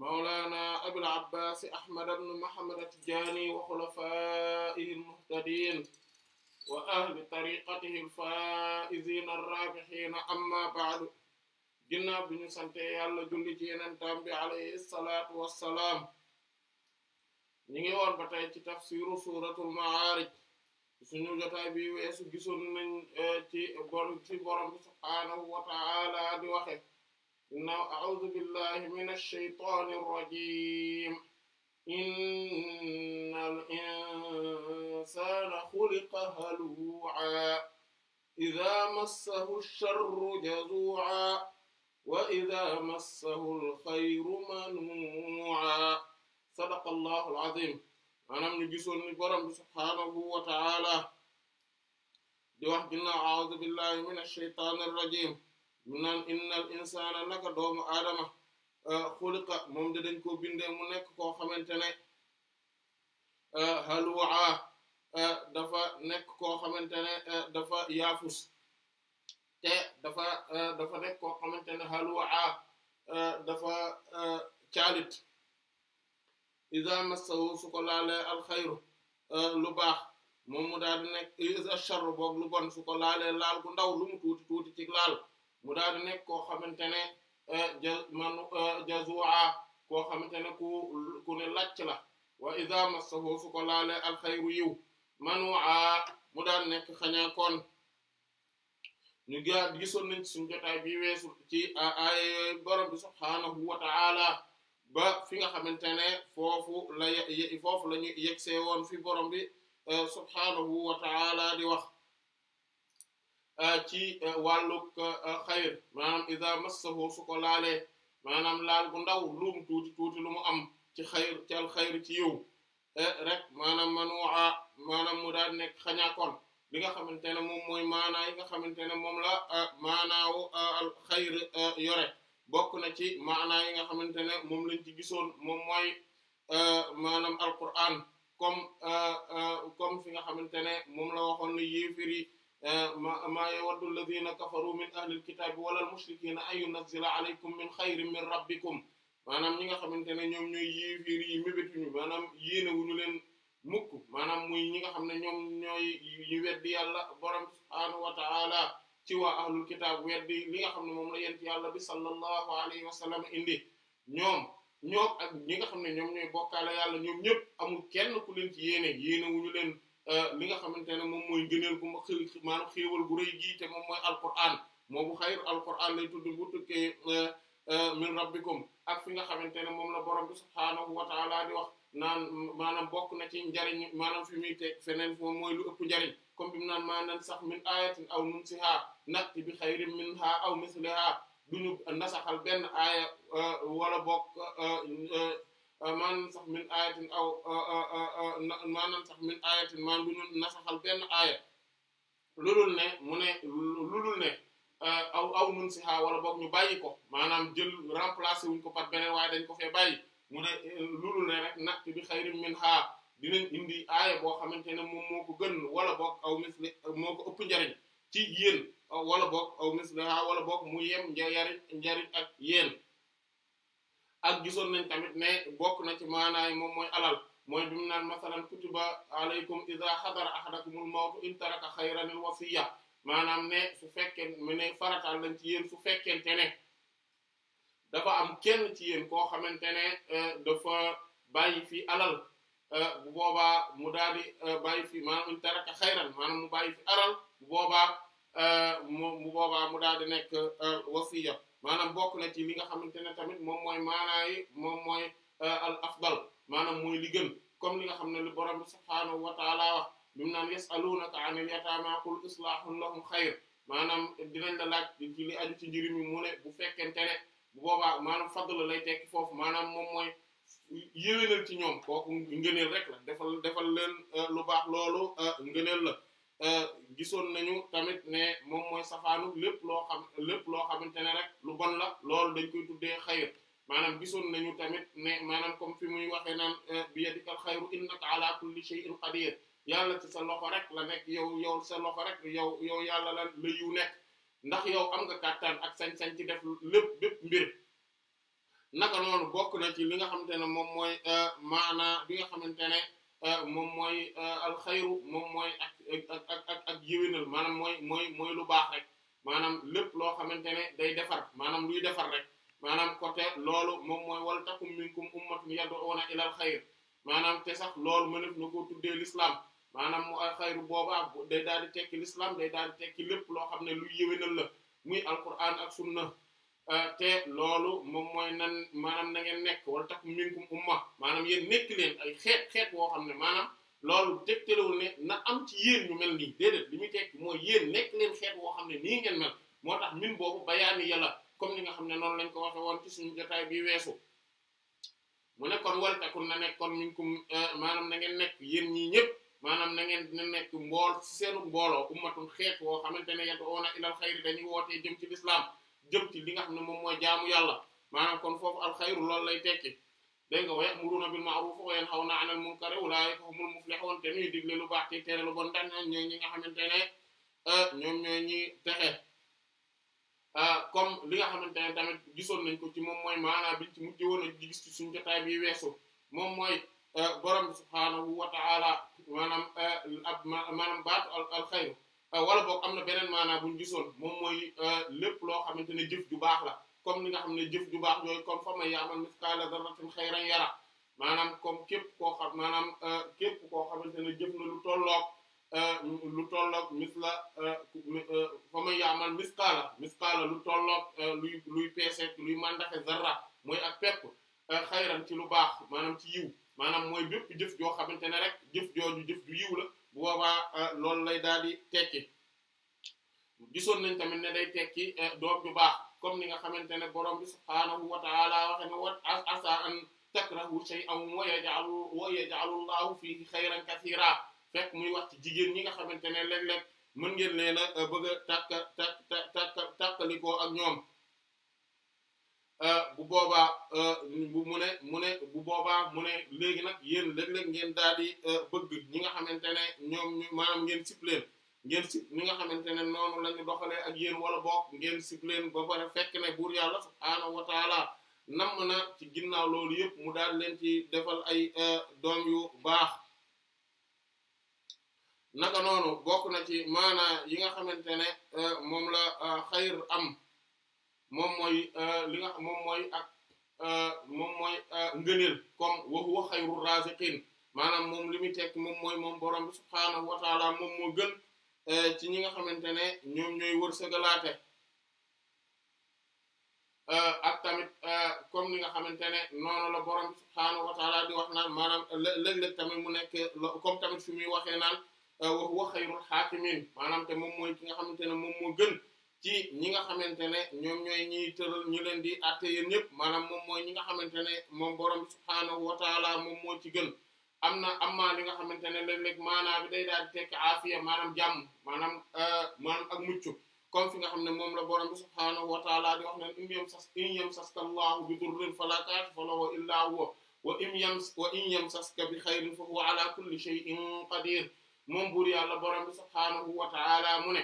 mawlana abul abbas ahmad ibn muhammad at-tijani wa khulafaihi al-muhtadin wa ahli tariqatihi al-faizin ar-rabihin amma ba'du ginnaaw bi ñu sante yàlla julli ci yenentam bi alayhi salatu wassalaam ñi ngi woon ba tey ci tafsiru suratul ma'arij suñu jotaay bi weesu gisoon nañ eh, ci bor ci borom bi subhaanahu wa ta'ala di waxe ginnaaw a'uuzu billahi minash shaytaanir rajiim innal insaana xuliqa haluu'an izaa massahu sharru jazuu'an wa izaa massahul xayru manuu'an sadaqallaahul aziim maanaam ñu gisoon ni borom bi subhaanahu wa ta'aala di wax ginnaaw a'uuzu billahi minash shaytaanir rajiim mu naan innal insana naka doomu aadama euh, xuliqa moom de dañ koo bindee mu nekk koo xamante ne euh, halwaa dafa euh, nekk ko xamante ne dafa yaafus te dafa dafa nekk koo xamante ne halwaa dafa caalit iza massahu su ko laalee alxayru lu baax moom mu daal di nekk iza sharru boog lu bon su ko laal gu ndaw lu mu tuuti tuuti ci laal mu daal di nekk koo xamante ne eh, ja a eh, jazua koo xamante ne ku ku ne lacc la wa idha massahu su ko laale alxayru yiw manua mu daal nekk xañaakoon ñu gaa gisoon nañ ci suñu jotaay bi weesu ci ay borom bi subhaanahu wa ta'ala ba fi nga xamante ne foofu la foofu la ñu woon fi borom bi eh, subhaanahu wa ta'ala di wax ci wàllug xayr maanaam iza massahu su ko laalee maanaam laal bu ndaw luum tuuti tuuti lu mu am ci xayr ci al xayr ci yow e, rek maanaam mu daal nekk xañaakoon li nga xamante ne moom mooy maanaa yi nga xamante ne moom la maanaawu al xayr yore bokk na ci maanaa yi nga xamante ne moom lañ ci gisoon moom mooy e, maanaam alquran e, comme fi nga xamante ne moom la waxoon ne yéefiri ma maa yawaddu alladhina kafaru min ahlil kitaabi walal mushrikina an yunazzila alaykum min xayrin min rabbikum maanaam ñi nga xamante ne ñoom ñooy yéeféer yi mébétuñu maanaam yéene wuñu leen mukk maanaam muy ñi nga xam ne ñoom ñooy ñu weddi yàlla borom subhaanahu wa ta'ala ci waa ahlul kitaab weddi li nga xam ne moom la yent yàlla bi sallallahu alayhi wa sallam indi ñoom ñoom ñi nga xam ne ñoom ñooy bokkaale yàlla ñoom ñëpp amul kenn ku leen ci yéene yéene wuñu leen li euh, nga xamante ne moom mooy ngëneel gu ma maanaam xéewal gu rëy gi te moom mooy alquran moo bu xayru alquran lay tudd bu tukkee euh, euh, min rabbikum ak fi nga xamante ne moom la borom bi subhaanahu wa di wax naan maanaam bokk na ci njariñ maanaam fi muy teg feneen moom mooy lu ëpp njariñ kom bi mu naan maanaam sax min ayatin aw nunsiha na bi xayrin minha aw misliha duñu nasaxal benn aaya wala bokk Euh, maanaam sax min ayatin aw euh, euh, maanaam sax min ayatin maanaam bu ñu nasaxal benn aaya lulul ne mu ne lu lulul ne aw aw mun si xaa wala boog ñu bàyyi ko maanaam jël remplacer wuñ ko par beneen waaye dañ ko fee bàyyi mu ne lulul ne rek natt bi xayrim min xaa dinañ indi aaya boo xamante ne moom moo ko gën wala boog aw misli moo ko ëpp njariñ ci yéen wala boog aw misli xaa wala boog mu yem njariñ njariñ ak yéen ak gisoon nañ tamit ne bokk na ci maanaay moom mooy alal mooy bi mu naan masalan kutiba alaykum idha hadara ahadakumul mawtu in taraka khayran al wasiya maanaam ne su fekkee mu ne farataal lañ ci yéen fu fekkente ne dafa am kenn ci yéen koo xamante ne euh, dafa euh, euh, bàyyi fi alal bu boobaa mu daal di bàyyi fi maanaam in taraka khayran maanaam mu bàyyi fi alal boobaa mu bu boobaa mu daal di nekk wasiya maanaam bokk na ci li nga xamante ne tamit moom mooy maanaa moom mooy euh, al afdal maanaam mooy li comme li nga xam ne li borom bi subhaanahu wa taala mu naan yasalunaka anil yataama qul islahun lahum xayr maanaam dinañ la laaj ci li aju ci njëriñ mi mu ne bu fekkente ne bu boobaa maanaam fadl lay tekki foofu maanaam moom mooy yéwénal ci ñoom kooku ngëneel rek la defal defal leen euh, lu baax loolu euh, ngëneel la Euh, gisoon nañu tamit ne moom mooy safaanu lépp loo xam lépp loo xamante ne rek lu bon la loolu dañ koy tuddee xayr maanaam gisoon nañu tamit ne maanaam comme fi muy waxee naan euh, bi yadikal xayru innaka ala kulli shay'in qadir yàlla ci sa loxo rek la nekk yow yow sa loxo rek yow yow yàlla la la yiw nekk ndax yow am nga kàttan ak sañ-sañ ci def lépp bépp mbir naka noonu bokk na ci li nga xamante ne moom mooy euh, maana bi nga xamante ne Euh, moom mooy euh, alxayru moom mooy ak ak ak ak ak maanaam mooy mooy mooy lu baax rek maanaam lépp loo xamante ne day defar maanaam luy defar rek maanaam côté loolu moom mooy wal takum minkum ummatun yad'una ilal xayr maanaam te sax loolu mënef na koo tuddee l'islam maanaam mu alxayru boobaa day daal di tekki l'islam day daal di tekki lépp loo xam ne lu yéwénal la muy alquran ak sunna Euh, te loolu moom mooy nan maanaam na ngeen nekk wala tax minkum umma maanaam yéen nekk leen ay xeet xeet woo xam ne maanaam loolu tegtalewul ne na am ci yéen ñu mel nii déedéet li muy tekki mooy yéen nekk leen xeet woo xam ne nii ngeen mel moo tax min boobu bayaani yàlla comme ni nga xam ne noonu lañ ko waxe woon ci suñu jotaay bi weesu mu ne kon wal takun na nekk kon minkum euh, maanaam na ngeen nekk yéen ñii ñëpp maanaam na ngeen na nekk mbool ci seenu mbooloo ummatun xeet woo xamante ne yad'una ilal xayri dañuy wootee jëm ci lislaam jëm ci li nga xam ne moom mooy jaamu yàlla maanaam kon foofu alxayru lool lay tekki dégg nga wa ya'muruna bil ma'ruf wa yanhawna 'anil munkar ulaa'ika humul muflihun te ñuy digle lu baax te tere lu bon daan ñooy ñi nga xamante ne euh, ñoom ñooy ñi texe euh, comme li nga xamante ne tamit gisoon nañ ko ci moom mooy maanaam biñ ci mujj woon a gis ci suñu jotaay bi weesu moom mooy euh, borom subhaanahu wa ta'ala maanaam ab al alxayru Euh, wala boog am na beneen maanaam bu ñu gisoon moom mooy euh, lépp loo xamante ne jëf ju baax la comme ni nga xam ne jëf ju baax yooyu comme fa may ya'mal mithqala dharratin khayran yara maanaam comme képp koo xam maanaam euh, képp koo xamante ne jëf na lu tolloog lu tolloog misla fa may ya'mal lu tolloog luy luy peese luy mandaxe zarra mooy ak pepp xayran ci lu baax maanaam ci yiw maanaam mooy bépp jëf joo xamante ne rek jëf jooju jëf ju yiw la bu boobaa euh, loolu lay daal di tekki gisoon nañ tamit ne day tekki euh, doom ju baax comme ni nga xamante ne borom bi subhaanahu wa ta'ala waxe ne wat asa an takrahu shay'an wa yaj'alu wa yaj'alu Allahu fihi xayran kathiira fekk muy wax ci jigéen ñi nga xamante ne léeg-léeg mën ngeen leen a euh, bëgg a takka takka ak ñoom Euh, bu boobaa euh, mu ne mu ne bu boobaa mu ne léegi nag yéen léeg-léeg ngeen daal di euh, bëgg ñi nga xamante ne ñoom ñu ngeen sipleen ngeen sip ñi nga xamante ne noonu la ñu doxalee ak yéen wala bokk ngeen sipleen ba pare fekk ne buur yàlla subhaanahu wa taala na ci ginnaaw loolu yëpp mu daal leen ci defal ay doom yu baax naka noonu bokk na ci maana yi nga xamante ne moom la xayr am moom mooy euh, li nga moom mooy ak euh, moom mooy euh, ngëneel comme wa huwa xayru raziqin maanaam moom li muy tekk moom mooy moom borom bi subhaanahu wa moom moo gën ci ñi nga xamante ne ñoom ñooy wërsëgalaate ak tamit comme ni nga xamante ne noonu la borom bi subhaanahu wa di wax naan maanaam léeg-léeg tamit mu nekke comme tamit fi muy waxee naan wa huwa xayrul xaakimiin maanaam te moom mooy ki nga xamante ne moom moo gën ci ñi nga xamante ne ñoom ñooy ñiy tëral ñi leen di àtte yéen ñëpp maanaam moom mooy ñi nga xamante ne moom borom bi subhaanahu wa taala moom moo ci gën am na amaa li nga xamante ne léeg-léeg maanaa bi day daal di tekki aafiya maanaam jàmm maanaam euh, maanaam ak mucc comme fi nga xam ne moom la borom bi subhaanahu wa taala di wax ne in yam in yam saska llaahu bi durrin falaa kaashifa lahu illaa huwa wa in yam saska bi xayrin fa huwa ala kulli shay'in qadir moom buur yàlla borom bi subhaanahu wa taala mu ne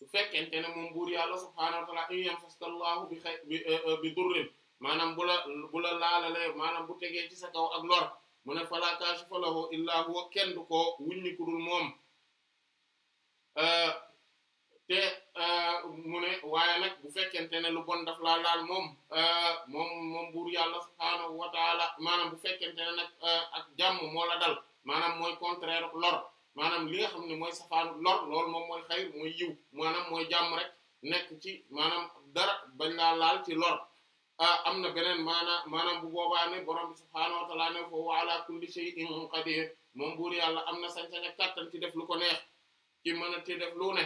bu fekkente ne moom buur yàlla subhaanahu wa ta'aala in yamsaskallaahu bi xay euh, euh, bi durrin maanaam bu la bu la laalalee maanaam bu tegee ci sa kaw ak lor mu ne falaa kaashifa lahu illaa huwa kenn du ko wuññi ku dul moom euh, te mu ne waaye nag bu fekkente ne lu bon daf laa laal moom moom moom buur yàlla subhaanahu wa ta'aala maanaam bu fekkente ne ak jàmm moo la dal maanaam mooy contraire lor maanaam li nga xam ne mooy safaanu lor loolu moom mooy xayr mooy yiw maanaam mooy jàmm rek nekk ci maanaam dara bañ laa laal ci lor ah, am na beneen maanaam maanaam bu boobaa ne borom bi subhaanahu wa ta'aala ne fa huwa moom buur yàlla am na sañ-sañ ci def lu ko neex ci mën a ci def lu ne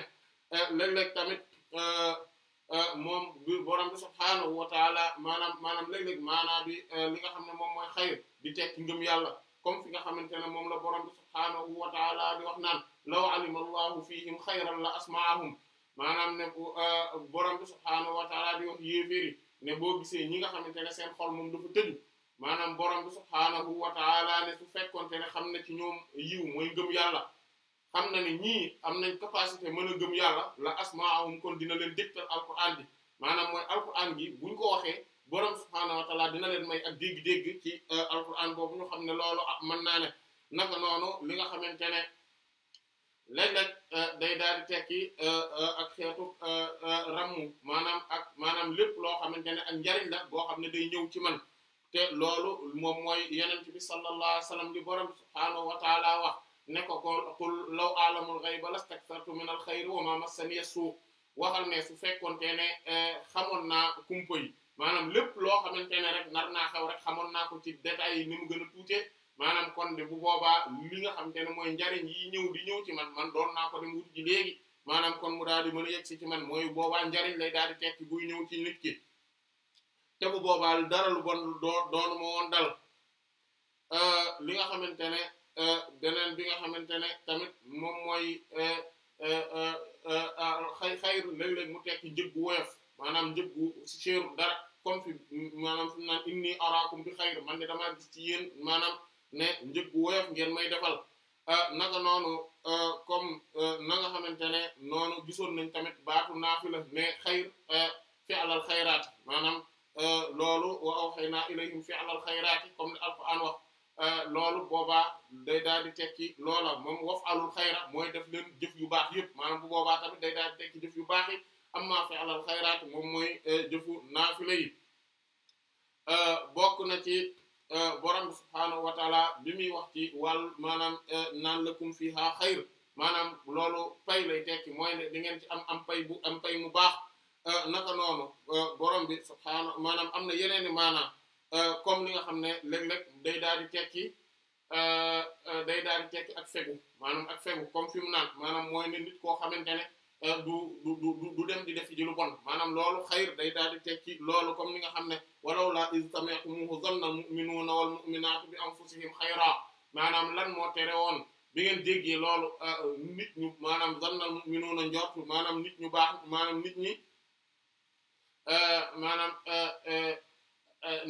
eh, léeg-léeg eh, eh, moom bi borom maanaam maanaam léeg-léeg maanaam bi li nga xam ne moom mooy xayr di tekki ngëm yàlla comme fi nga xamante ne moom la borom bi subhaanahu wa taala di wax naan law alima allahu fihim xayran la asmaahum maanaam ne euh, borom bi subhaanahu wa taala di wax boo gisee ñi nga xamante ne seen xol moom dafa tëju maanaam borom bi subhaanahu wa taala ne su fekkonte xam na ci ñoom yiw mooy gëm yàlla xam na ne ñii am nañ capacité mën a gëm yàlla la asmaahum kon dina leen dégtal alquran bi mooy alquran bi buñ ko waxee dina leen may ak dégg-dégg ci euh, alquran boobu ñu xam ne loolu ah mën naa ne naka noonu li nga xamante ne léeg euh, day daal di tekki euh, ak xeetu rammu ak maanaam lépp loo xamante ne ak njariñ la boo xam ne day ñëw ci man te loolu moom mooy yenent bi sallallahu alayhi wa sallam li borom subhaanahu wa taala wax ne ko ko qul law a'lamul ghayba lastakthartu minal khayri wa ma massaniya suu waxal ne su fekkoonte ne xamoon naa kumpa yi maanaam lépp loo xamante ne rek nar naa xew rek xamoon naa ko ci détails yi ni mu gën a tuute maanaam kon de bu boobaa li nga xamante ne mooy njariñ yi ñëw di ñëw ci man man doon naa ko dem wut ji léegi maanaam kon mu daal di mën a yegg si ci man mooy boobaa njariñ lay daal di tekki buy ñëw ci nit ki te bu boobaa dara lu bon doo doonu moo woon dal euh, li nga xamante ne euh, beneen bi nga xamante ne tamit moom mooy euh, xay xayru léeg-léeg mu tekki jëg bu woyof maanaam njëb gu seeru dara comme fi maanaam fi mu naan inni araakum bi xayr man de damaa gis ci yéen maanaam ne njëg gu woyof ngeen may defal euh, naka noonu euh, comme euh, na nga xamante ne noonu gisoon nañ tamit baatu naa naafila mais xayr fi'lal xayraat maanaam loolu wa fi ilayhim fi'lal xayraat comme ni alquran wax loolu boobaa day daal di tekki loola moom waf'alul xayra mooy def leen jëf yu baax yëp maanaam bu boobaa tamit day daal di tekki jëf yu baax yi. am amma fi'lal xayraat moom mooy eh, jëfu naafila yi eh, bokk na ci eh, borom bi subhaanahu wa bi muy wax ci wàll maanaam naan lakum fiha xayr maanaam loolu pay lay tekki mooy ne di ngeen ci am am pay bu am pay mu baax naka noonu borom bi subhaanahu maanaam am na yeneen i maanaam comme li nga xam ne léeg-léeg day daal di tekki day daal di tekki ak fegu maanaam ak fegu kom fi mu naan maanaam mooy ne nit koo xamante ne Euh, du du du dem di def ci lu bon maanaam loolu xayr day daal di teg ci loolu comme ni nga xam ne walaw laa iz sami'tumuuhu zanna al-mu'minuuna wal-mu'minaatu bi am anfusihim xayra maanaam lan moo tere woon bi ngeen déggee loolu euh, nit ñu maanaam zanna al-mu'minuuna njort maanaam nit ñu baax maanaam nit ñi euh, maanaam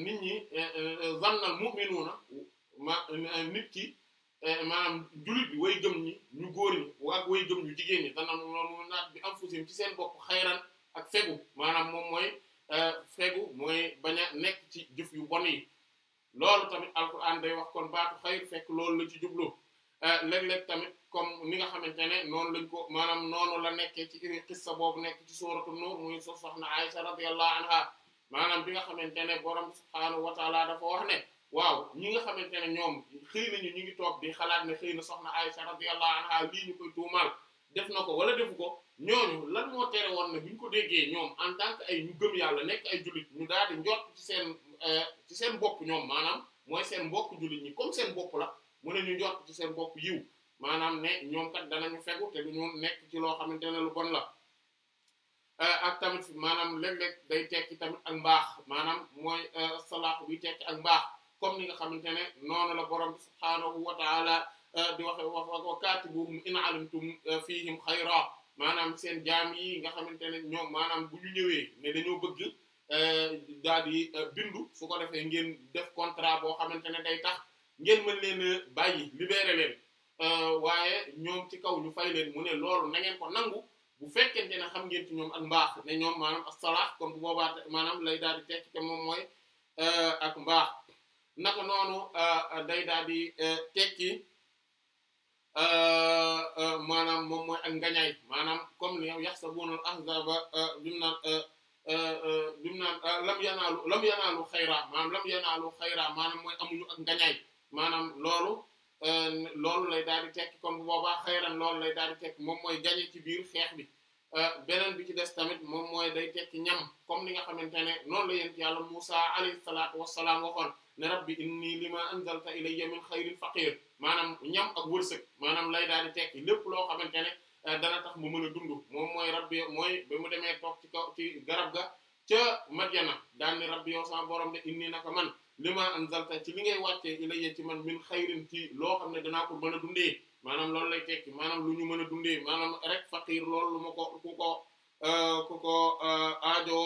nit ñi zanna al-mu'minuuna nit ki. Eh, maanaam jullit bi way gëm ñi ñu góor ñi waa way gëm ñu jigéen ñi dana loolu naat bi am fusim ci seen bopp xayran ak fegu maanaam moom mooy eh, fegu mooy bañ a nekk ci jëf yu bon yi loolu tamit alquran day wax kon baatu xayr fekk loolu la ci jublu eh, léeg-léeg tamit comme ni nga xamante ne noonu lañ ko maanaam noonu la nekkee ci sa boobu nekk ci suuratu nuur muy sox soxna Aisha radiyallahu anha maanaam bi nga xamante ne borom subhaanahu wa taala dafa wax ne waaw ñi nga xamante ne ñoom xëy nañu ñu ngi toog di xalaat na xëy na soxna Aysa radiyallahu anha lii ñu koy tuumaal def na ko wala defu ko ñooñu lan moo tere woon ne bu ko déggee ñoom en ay ñu yàlla nekk ay jullit ñu daal di njort ci seen euh, ci seen bopp ñoom maanaam mooy seen mbokk jullit ñi comme seen bopp la mën ñu njort ci seen bopp yiw maanaam ne ñoom kat danañu fegu te ñu nekk ci loo xamante ne lu bon la euh, ak tamit maanaam léeg-léeg day tekki tamit ak mbaax maanaam mooy euh, salaax bi tekki ak comme ni nga xamante ne noonu la borom bi subhaanahu wa ta'ala euh, di waxe wax wa kaatibuhum in alimtum euh, fihim xayra maanaam seen jaam yi nga xamante ne ñoom maanaam bu ñu ñëwee ne dañoo bëgg euh, daal di bindu su ko defee ngeen def contrat boo xamante ne day tax ngeen mën leen bàyyi libéré leen waaye ñoom ci kaw ñu fay leen mu ne loolu na ngeen ko nangu bu fekkente ne xam ngeen ci ñoom ak mbaax ne ñoom maanaam as-salaah comme bu boobaa maanaam lay daal di tekki te moom mooy ak mbaax. naka noonu euh, euh, day daal di euh, tekki maanaam moom mooy ak ngañaay maanaam comme ni yow yaxsabuna al-ahzaba bim naan bim naan lam yanaalu lam yanaalu xayra maanaam lam yanaalu xayra maanaam mooy amuñu ak ngañaay maanaam loolu loolu lay daal di tekki kon boobaa xayran loolu lay daal di tekki moom mooy gañe ci biir xeex bi beneen bi ci des tamit moom mooy day tekki ñam comme ni nga xamante ne noonu la yéen yàlla Musa alayhi salaatu wassalaam waxoon ne rabbi inni lima anzalta ilayya min xayrin faqir maanaam ñam ak wërsëg maanaam lay daal di tekki lépp loo xamante ne eh, dana tax mu mën a dund moom mooy rabbi mooy ba mu demee toog ci kaw ci garab ga ca Madyana daan ni rabbi yow sama borom de inni naka man lima anzalta ci li ngay wàccee ilayya ci man min xayrin ci loo xam ne danaa ko mën a dundee maanaam loolu lay tekki maanaam lu ñu mën a dundee maanaam rek faqir lool lu ma ko ku ko eh, ku ko eh, aajo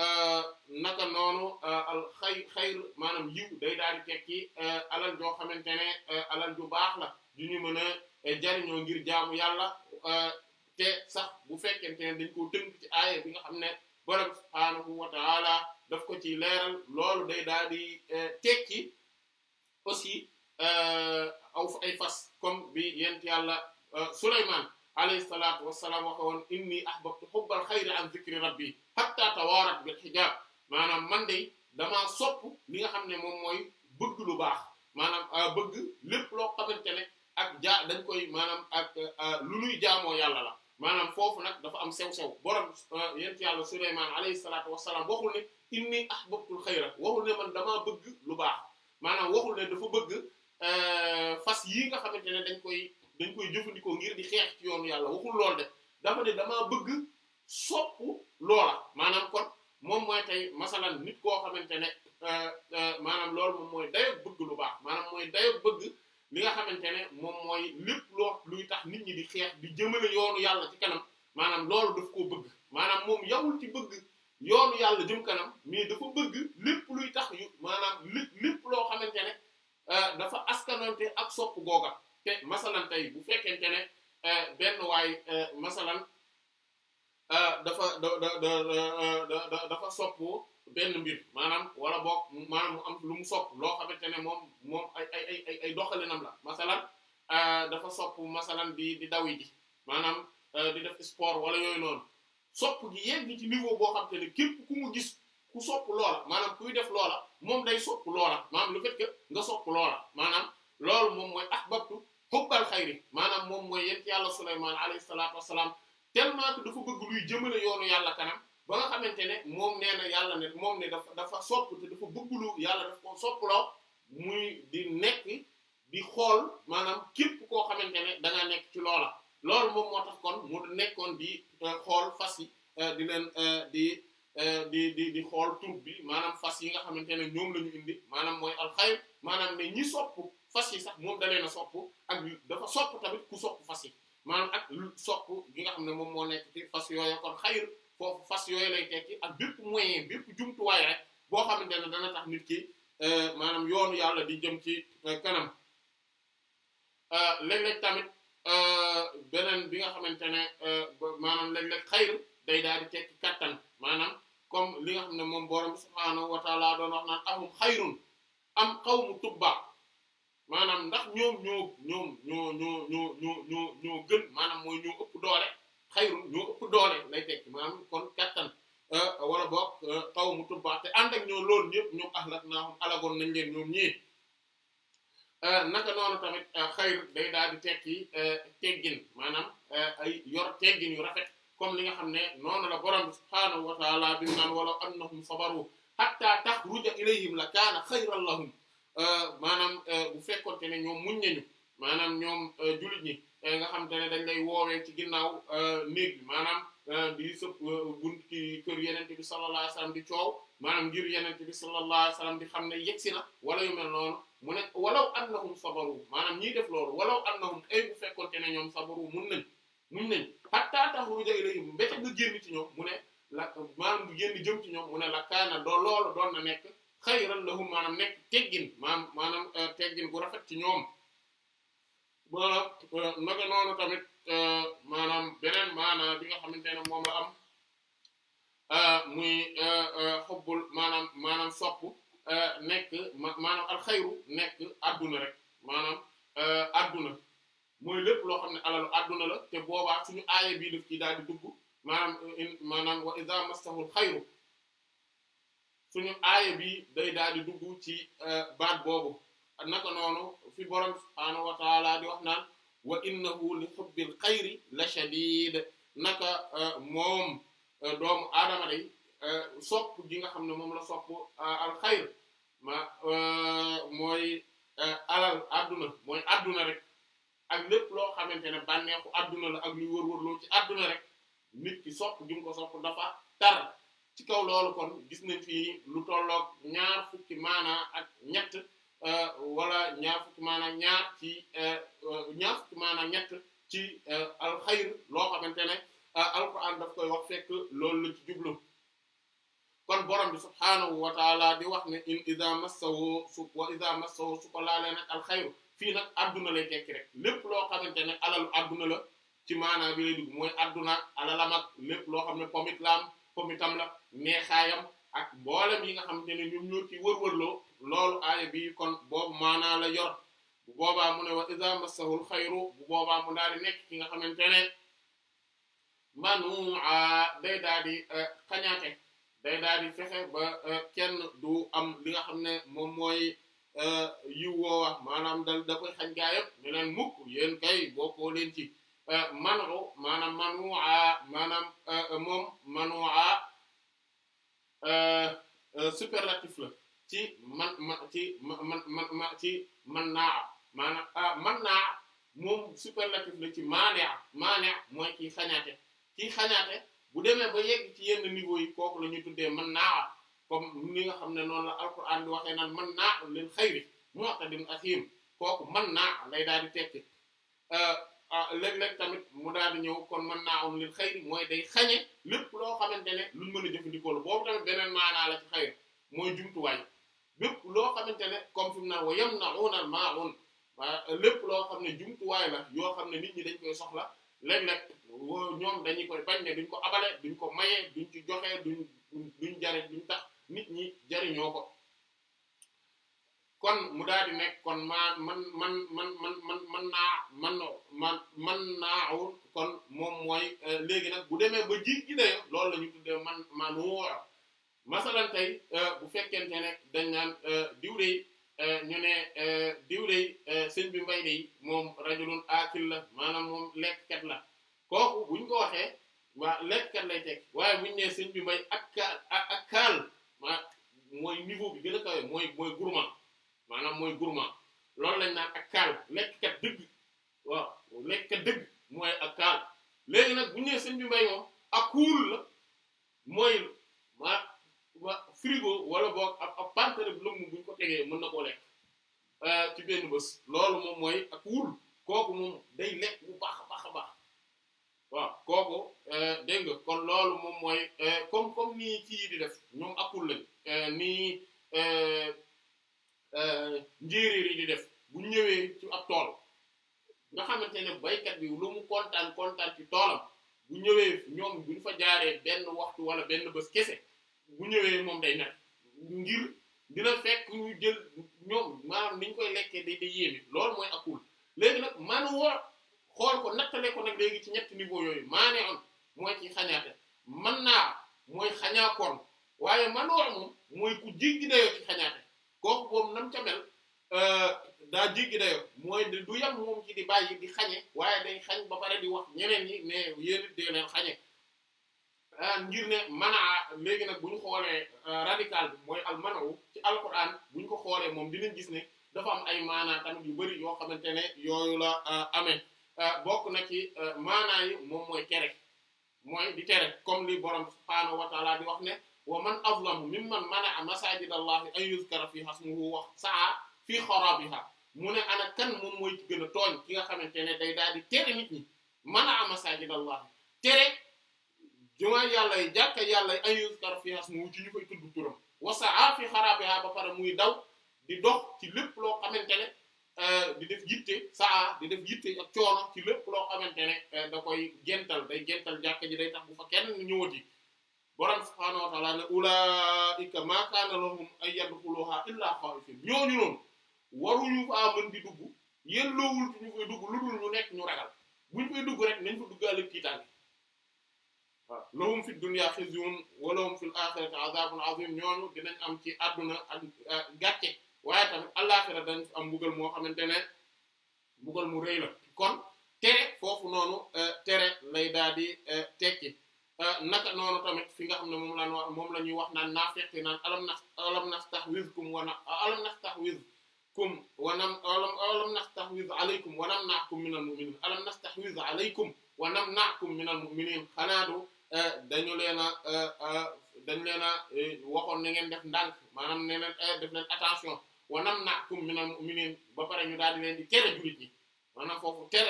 Euh, naka noonu euh, al xay xayr maanaam yiw day daal di tekki euh, alal joo xamante ne alal ju baax la ju ñu mën a jariñoo ngir jaamu yàlla te sax bu fekkente ne dañ koo tënk ci aaya bi nga xam ne borom subhaanahu wa ta'ala daf ko ci leeral loolu day daal di tekki aussi aw ay fas comme bi yent yàlla Souleymane alayhi salaatu wassalaam waxe woon inni ahbabtu hubbal xayri an zikri rabbi hatta tawaarat bil hijab maanaam man de damaa sopp li nga xam ne moom mooy bëgg lu baax maanaam euh, bëgg lépp loo xamante ne ak jaa dañ koy maanaam ak euh, lu nuy jaamoo yàlla la maanaam foofu nag dafa am sew-sew euh, yen ci yàlla Suleymaan alayhi salaatu wassalaam waxul ne inni ahbabtul xayra waxul ne man dama bëgg lu baax maanaam waxul ne dafa bëgg fas yii nga xamante ne dañ koy dañ koy jëfandikoo ngir di xeex ci yoonu yàlla waxul lool de dafa ne damaa bëgg sopp loola maanaam kon moom mooy tey masalan nit koo xamante ne euh, euh, maanaam loolu moom mooy bëgg lu baax maanaam mooy dayo bëgg li nga xamante ne moom mooy lépp loo luy tax nit ñi di xeex di jëmale yoonu yàlla ci kanam maanaam loolu daf koo bëgg maanaam moom yawul ci bëgg yoonu yàlla jëm kanam mais dafa bëgg lépp luy tax yu maanaam lépp loo xamante ne euh, dafa askanante ak sopp googa te masalan tey bu fekkente ne eh, benn waay eh, masalan eh, dafa da da da dafa sopp benn mbir maanaam wala boog maanaam mu am lu mu sopp loo xamante ne moom moom ay ay ay doxalinam la masalan dafa sopp masalan di di daw ji maanaam di def sport wala yooyu noonu sopp gi yegg ci niveau boo xamante ne képp ku mu gis ku sopp loola maanaam kuy def loola moom day sopp loola maanaam le fait nga sopp loola maanaam ci yàlla Sulaymaan alayhi salaatu wassalaam tellement que dafa bëgg luy jëmale yoonu yàlla kanam ba nga xamante ne moom nee na yàlla ne moom ne dafa dafa sopp te dafa bëgguloo yàlla daf ko sopploo muy di nekk di xool maanaam képp koo xamante ne da nekk ci loola loolu moom moo tax kon mu nekkoon di euh, xool fas yi euh, di leen euh, di di di di xool tur bi maanaam fas yi nga xamante ne ñoom la ñu indi maanaam mooy alxayr maanaam ne ñi sopp fas yi sax moom dalee na sopp ak dafa sopp tamit ku sopp fas yi maanaam ak sopp gi nga xam ne moom moo nekk ci fas fas yooyu lay tekki ak bépp jumtuwaay rek boo xamante ne dana tax nit ki euh, maanaam yoonu yàlla di jëm ci euh, kanam euh, léeg-léeg beneen bi nga xamante ne maanaam léeg-léeg xayr day daal di tekki li nga xam ne moom borom subhaanahu wax naan ahum xayrun am qawmu maanaam ndax ñoom ñoo ñoom ñoo ñoo ñoo ñoo ñoo ñoo gën maanaam mooy ñoo ëpp doole xayru ñoo doole lay tekki maanaam kon kattan euh, wala euh, mu tubbaax te ànd ak ñoo loolu ñëpp ñoom axlak naahum nañ leen ñoom ñii euh, naka noonu tamit xayru day daal di tekki teggin maanaam ay yor teggin yu rafet comme li nga xam ne noonu la borom bi subhaanahu wa taala bi mu naan walaw annahum sabaru hatta taxruja ilayhim la kaana xayran lahum Euh, maanaam euh, bu fekkoonte ne ñoom mu nañu maanaam ñoom euh, jullit ñi nga xam te ne dañ lay woowee ci ginnaaw néeg bi maanaam di sëpp bunt ki kër yenente bi sallallahu alayhi wasallam di coow maanaam ngir yenente bi sallallahu alayhi wasallam di xam ne yegsi na wala yu mel noonu mu ne walaw annahum sabaru maanaam ñiy def loolu walaw annahum ay bu fekkoonte ne ñoom sabaru mun nañ muñ nañ hatta taxruja ilayhim mbéta nga génn ci ñoom mu ne la maanaam bu génn jëm ci ñoom mu ne la kaana doo loolu doon na nekk xayran lahum maanaam nekk teggin bu euh, rafet ci ñoom ba euh, naka noonu tamit euh, maanaam beneen maanaam bi nga xamante ne moom la am muy xobbul maanaam maanaam sopp nekk maanaam alxayru nekk adduna rek maanaam adduna mooy lépp loo xam ne alalu adduna la te boobaa suñu aaya bii daf ci daal di dugg maanaam maanaam wa idha massahul xayru suñu aaya bi day daal di dugg ci euh, baat boobu naka noonu fi borom subhaanahu wa taala di wax naan wa innahu li hubbil xayri la shadid naka euh, moom euh, doomu aadama day sopp gi nga xam ne moom la sopp al xayr ma mooy alal adduna mooy adduna rek ak lépp loo xamante ne bànneexu adduna la ak luy wër-wër loo ci adduna rek nit ki sopp gi mu ko sopp dafa tar ci kaw loolu kon gis nañ fi lu tolloog ñaar fukki maanaa ak ñett euh, wala ñaar fukki maanaa ñaar ci euh, ñaar fukki maanaa ñett ci euh, alxayr loo xamante ne alquran daf koy wax fekk loolu ci jublu kon borom bi subhaanahu wa di wax ne in ida massawo su wa ida massawo su ko laalee nag alxayru fii nag adduna lay tekki rek lépp loo xamante ne alalu adduna la ci maanaa bi lay dugg mooy adduna alalam ak loo xam ne pomit laam pomitam la neexaayam ak boole yi nga xamante ne ñoom ñoo ci wërwërloo loolu aaya bi kon boobu maanaa la yor bu boobaa mu ne wa iza massahul xayru bu boobaa mu daal nekk ki nga xam ne manua day daal euh, day daal di fexe ba euh, du am nga xam ne moom mooy euh, yiw woowa maanaam dal da koy xañ gaa yëpp ne leen mukk yéen kay bokkoo leen ci manu maanaam manua maanaam moom manua Euh, euh, superlatif la ci man ma ci ma man man naa maanaam ah, man naa moom superlatif la ci maanea maanea mooy ci xañaate ci xañaate bu demee ba yegg ci yenn niveau yi kooku la ñuy tuddee man naa comme ni nga xam ne noonu la alquran di waxee naan man naa leen xayri mu'tadin asiim kooku man naa lay daal di tekki euh, ah léeg-léeg tamit mu daal di ñëw kon mën naa am lil xayri mooy day xañe lépp loo xamante ne luñ mën a jëfandikoo la boobu tamit beneen maanaa la ci xayri mooy jumtuwaay lépp loo xamante ne comme na wa yem na unal lépp loo xam ne jumtuwaay la yoo xam ne nit ñi dañ koy soxla léeg-léeg ñoom dañuy koy bañ ne duñ ko abale duñ ko maye duñ ci joxe duñ duñ jariñ duñ tax nit ñi jariñoo ko kon mu daal di nekk kon maa man man man man man man naa man man man naaw kon moom mooy euh, léegi nag bu demee ba ji gi dayo loolu la ñu tuddee man man wóora masalan tey euh, bu fekkente ne dañ naan euh, diwley ñu ne diwley sëñ bi mbay dey moom rajulun akil la maanaam moom lekkkat la kooku buñ ko waxee waa lekkkat lay teg waaye buñ ne sëñ bi mbay ak ak kaal ma mooy niveau bi gën a kawe mooy mooy gourmand maanaam mooy gourmand loolu lañ naan ak kaal lekkkat dëgg waaw lekkkat dëgg mooy ak kaal léegi nag bu ñëwee sëñ bi mbay moom ak kuul la mooy ma frigo wala boog ab ab pantere bu lëmm buñ ko tegee mën na koo lekk euh, ci benn bës loolu moom mooy ak wul kooku moom day lekk bu baax a baax a baax waaw kooku euh, dégg nga kon loolu moom mooy euh, comme comme nii ci yi di def ñoom akul lañ nii Euh, njéeréer yi di def bu ñëwee ci ab tool nga xamante ne baykat bi lu mu kontaan kontaan ci toolam bu ñëwee ñoom bu ñu fa jaaree benn waxtu wala benn bés kese bu ñëwee moom day nekk ngir dina fekk ñu jël ñoom maanaam niñ koy lekkee day day yéeme loolu mooy akul léegi nag man woo xool ko nattale ko nag léegi ci ñetti niveau yooyu maanee on mooy ci xañaate man naa mooy xañaakoon waaye man woo moom mooy ku jéggi dayoo ci xañaate kooku boobu nam ca mel euh, daa jéggi dayo mooy du yem moom ci di bàyyi di xañe waaye day xañ ba pare di wax ñeneen ñi ne yéen it dee leen xañe ah, ngir ne manaa léegi nag bu ñu xoolee euh, radical bi mooy al manawu ci alquran bu ko xoolee moom dinañ gis ne dafa am ay maanaa tamit yu bari yoo xamante ne yooyu la euh, amee bokk na ci maanaa yi moom mooy tere mooy di tere comme li borom subhaanahu wa di wax ne wa man man man azlamu mimman mana'a masajid allahi an yuzkara fiha ismuhu wa sa'a fi kharabiha mu ne ana kan moom mooy ci gën tooñ ki nga xamante ne day daal di tere nit ñi mana'a masajid allahi tere jumaa yàlla yi jàkka yàlla yi an yuzkara fiha ismuhu ci ñu koy tudd turam wa sa'a fi kharabiha ba pare muy daw di dox ci lépp loo xamante ne euh, di def yitte saa di def yitte ak coono ci lépp loo xamante ne euh, da koy gental day gental jàkka ji day tax bu fa kenn ñëwati borom subhaanahu wa ta'aala ne ulaa'ika maa kaana lahum an yadxuluhaa illaa xaa'ifiin ñooñu noonu waruñu faa mën di dugg yelloowul ci ñu fay dugg lu dul nekk ñu ragal buñ fay dugg rek nañ fa duggaale tiitaange waaw lahum fi dunya khizyun wa lahum fil aaxirati azaabun aziim ñooñu dinañ am ci àdduna ak eh, gàcce waaye tamit àllaaxira dañ am mbugal moo xamante ne mbugal mu rëy la kon tere foofu noonu eh, tere lay daal di eh, tekki. Euh, naka noonu tamit fi nga xam ne moom la ñu moom la ñuy wax naan naa fexe naan alam na alam nastahwizkum wa na alam nastahwizkum wa nam alam alam nastahwiz alaykum wa namna'kum minal mu'minin alam nastahwiz alaykum wa namna'kum minal mu'minin xanaa du euh, dañu leen a euh, dañu leen a waxoon na ngeen def ndànk maanaam nee nañ def nañ attention wa namna'kum minal mu'minin ba pare ñu daal di leen di tere jullit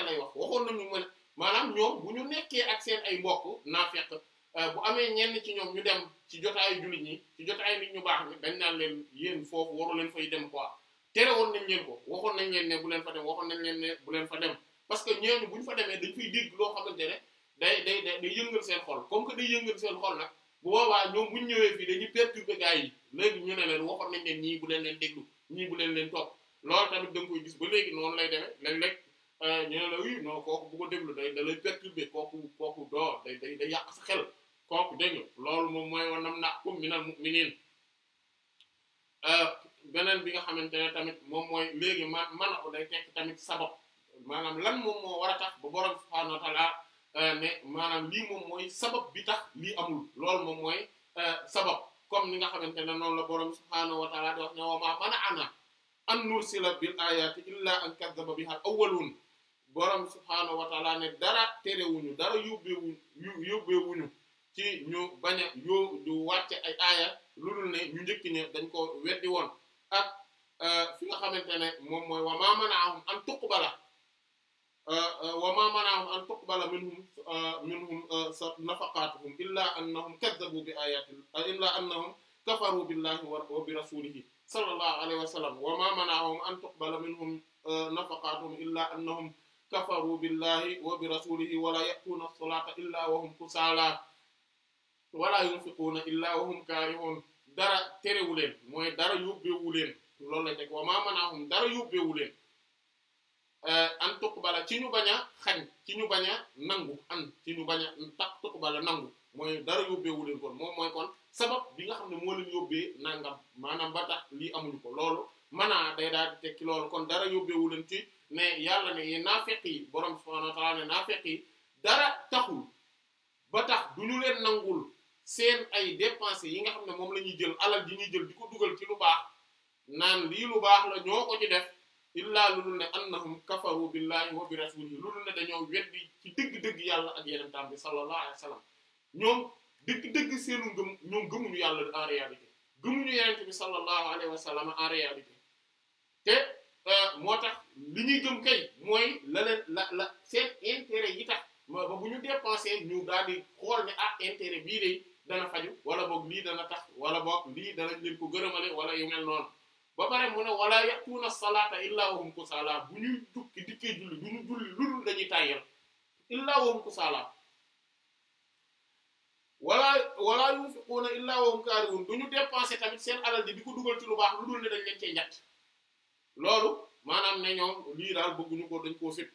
lay wax waxoon nañu ma ne. maanaam ñoom bu ñu nekkee ak seen ay naa naafeq euh, bu amee ñenn ci ñoom ñu dem ci jotaayu jullit ñi ci jotaayu nit ñu baax ñi dañ naan leen yéen foofu waru leen fay dem quoi tere woon nañ leen ko waxoon nañ leen ne bu leen fa dem waxoon nañ leen ne bu leen fa dem parce que ñooñu bu ñu fa demee dañ fay dégg loo day day day yëngal seen xol comme que day yëngal seen xol nag bu boobaa ñoom bu ñu ñëwee fii dañuy perturber gars yi léegi ñu ne leen waxoon nañ leen ñii bu leen leen déglu ñii bu leen leen topp loolu tamit da nga koy gis ba léegi noonu lay demee léeg-léeg ñu eh, ne la oui ko déglu day da lay perturbé kooku kooku doo yàq sa xel kooku moom mooy wa nam na'kum minal mu'minin eh, beneen bi nga xamante ne tamit moom mooy léegi ma man a tamit sabab maanaam lan moom war a tax ba borom subhaanahu wa eh, maanaam lii moom mooy sabab bi tax lii amul loolu moom mooy sabab comme ni nga xamante ne noonu la borom subhaanahu wa ta'ala di wax ne wa a mana'ana an nursila bil ayati illa an kazzaba biha al awwalun borom subhaanahu wa taala ne dara terewuñu dara yóbbeewuñu yóbbeewuñu ci ñu bañ a wàcce ay aaya lu dul ne ñu njëkk ne dañ ko weddi woon a euh, fi nga xamante ne moom mooy wa maa manaahum an tuqbala euh, wa maa manaahum an tuqbala minhum euh, minhum nafaqaatuhum illa annahum kadzabu kafaru billahi wa bi rasulihi sallallahu alayhi wa sallam wa maa manaahum an tuqbala minhum nafaqaatuhum illa annahum kafaru billahi wa bi rasulihi wala ya'tuna as-salata illa wa hum kusala wala yunfiquna illa wa hum karihun dara terewu leen mooy dara yóbbeewu leen loolu la teg wa ma manahum dara yóbbeewu leen eh, an tuqbala ci ñu bañ bañ a nangu ñu bañ a tax tuqbala nangu mooy dara yóbbeewu leen kon moom mooy kon sabab bi nga xam ne moo leen yóbbee nangam maanaam ba tax lii amuñu ko loolu manaa day daal di tekki loolu kon dara yóbbeewu leen ci mais yàlla ne yéen naafeq yi borom subhaanahu wa ta'aala ne naafeq yi dara taxul ba tax du ñu leen nangul seen ay dépenses yi nga xam ne moom la ñuy jël alal ji ñuy jël di ko dugal ci lu baax naan lii lu baax la ñoo ko ci def illaa lu dul ne annahum kafaru billahi wa bi rasulihi lu dul ne dañoo weddi ci dëgg-dëgg yàlla ak yeneen tam bi sallallahu alayhi wa ñoom dëgg-dëgg seenu ngëm ñoom gëmuñu yàlla en réalité gëmuñu yeneen bi sallallahu alayhi wa sallam li ñuy gëm kay mooy la leen la la seen intérêt yi tax ma ba bu ñu dépensé ñu daal xool ne ah intérêt bii de dana faju wala boog lii dana tax wala boog lii danañ leen ko gërëmale wala yu mel noonu ba pare mu ne wala yatuuna salaata illa wahum dañuy tàyyal illa wahum kusaala wala wala yunfiquuna illa du ñu dépensé tamit seen alal di di ko dugal ci lu baax lu dul ne dañ leen cee ñett loolu maanaam ne ñoom lii daal bëgguñu ko dañ koo sib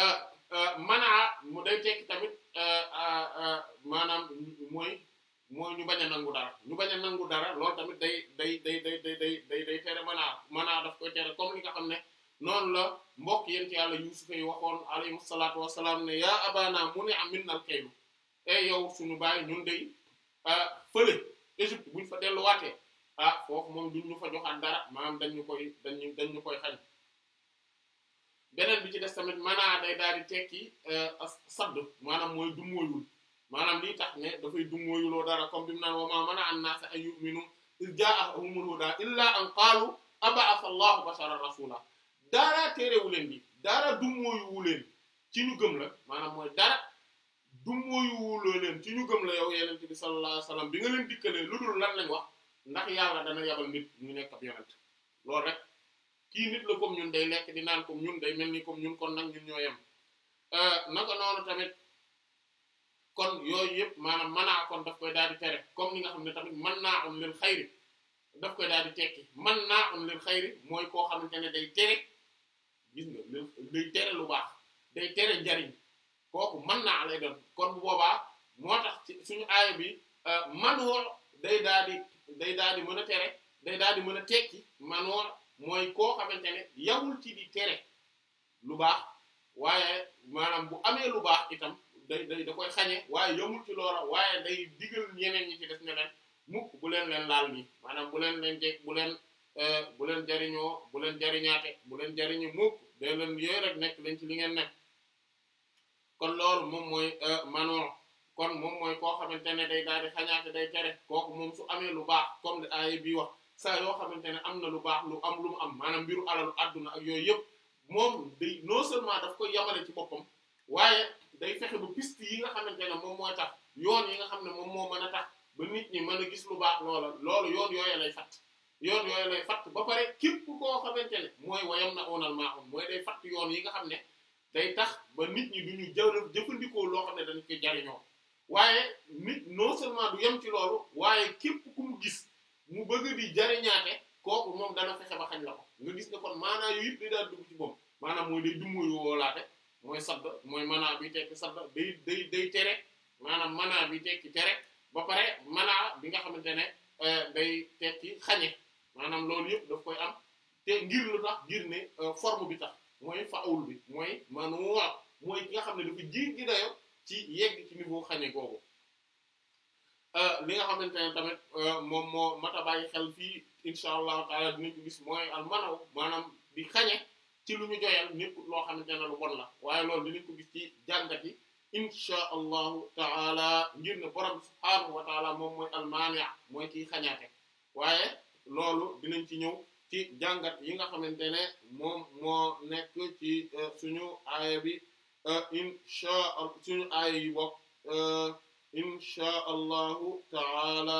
euh, euh, manaa mu day tamit euh, maanaam mooy ñu bañ a nangu dara ñu bañ a nangu dara loolu tamit day day day day day day day day tere manaa manaa daf koy tere comme li nga xam ne noonu la mbokk yéen yàlla yuusufa yi waxoon alayhi salaatu wassalaam ne yaa abana muni'a minnal kaylu e eh, yow suñu baay ñun day fële Égypte buñ fa delluwaatee ah foofu moom duñ ñu fa joxaat dara maanaam dañ ñu koy dañ ñu dañ xañ beneen bi ci des tamit maanaa day daal di tekki eh, sadd maanaam mooy dummóoyul maanaam lii tax ne dafay dummóoyuloo dara comme bi mu naan wa maa manaa an-naasa an yu'minu iz jaa'ahumul hudaa illaa an qaalu aba'atha Allahu leen bi dara dummóoyuwu leen ci ñu gëm la maanaam mooy dara dummóoyuwu leen ci ñu gëm la yow Yonent bi sallallahu alayhi wa sallam bi nga leen dikkalee lu dul lan lañ wax. ndax yàlla dana yabal nit ñu nekk ab yonent loolu rek kii nit la comme ñun day lekk di naan comme ñun day mel ni comme ñun kon nag ñun ñoo yem euh, naka noonu tamit kon yooyu yëpp maanaam manaa daf koy daal di tere comme ni nga xam ne tamit mën naa am leen xayri daf koy daal di tekki mën naa am leen xayri mooy koo xamante ne day tere gis nga day tere lu baax day tere njariñ kooku mën naa lay doon kon bu boobaa moo tax ci suñu aaya bi euh, manoo day daal di day daal di mën a tere day daal di mën a tekki manoor mooy koo xamante ne yawul ci di lu baax waaye maanaam bu amee lu baax itam day day da koy xañe waaye yawul ci waaye day digal ñeneen ñi ci des ne leen mukk bu leen leen laal nii maanaam bu leen leen jeg bu leen euh, bu leen jariñoo bu leen jariñaate bu leen jariñi mukk day leen yooyu rek nekk leen ci li ngeen nekk kon loolu moom mooy euh, manoor kon moom mooy koo xamante ne day daal di xañaate day tere kooku moom su amee lu baax comme li aaya bi wax saa yoo xamante ne am na lu baax lu am lu am maanaam mbiru alalu adduna ak yooyu yëpp moom day non seulement daf koy yamale ci boppam waaye day fexe ba piste yi nga xamante ne moom mooy tax yoon yi nga xam ne moom moo mën a tax ba nit ñi mën a gis lu baax loola loolu yoon yooyu ay fatt yoon yooyu lay fatt ba pare képp koo xamante ne mooy wayam na oonal maaxum mooy day fatt yoon yi nga xam ne day tax ba nit ñi duñu jë jëfandikoo loo xam ne dañ koy jariñoo waaye nit non seulement du yem ci loolu waaye képp ku mu gis mu bëgg di jariñaate kooku moom dana fexe ba xañ la ko nga gis ne kon maanaa yu yëpp day daal maanaam mooy day dummuyu bi tekki sadda tere maanaam manaa bi tekki tere ba pare manaa bi nga xamante ne euh, day tekki xañe maanaam loolu yëpp daf koy am te ngir lu tax ngir ne euh, forme bi tax mooy faawul bi mooy manuwa mooy nga xam ne dafa jéggi dayo ci yegg ci niveau xañe googu euh, li nga xamante ne tamit euh, moom moo mat a bàyyi xel fii incha allahu taala dinañ ko gis mooy al manaw maanaam di xañe ci lu ñu joyal nekkul loo xamante ne lu bon la waaye loolu dinañ ko gis ci jàngat yi incha allahu taala ngir ne borom subhaanahu wa moom mooy al mooy kiy xañaate waaye loolu dinañ ci ñëw ci jàngat yi nga xamante ne moom moo nekk ci euh, suñu aaya bi Uh, incha allah suñu aaya yi bokk uh, incha allahu taala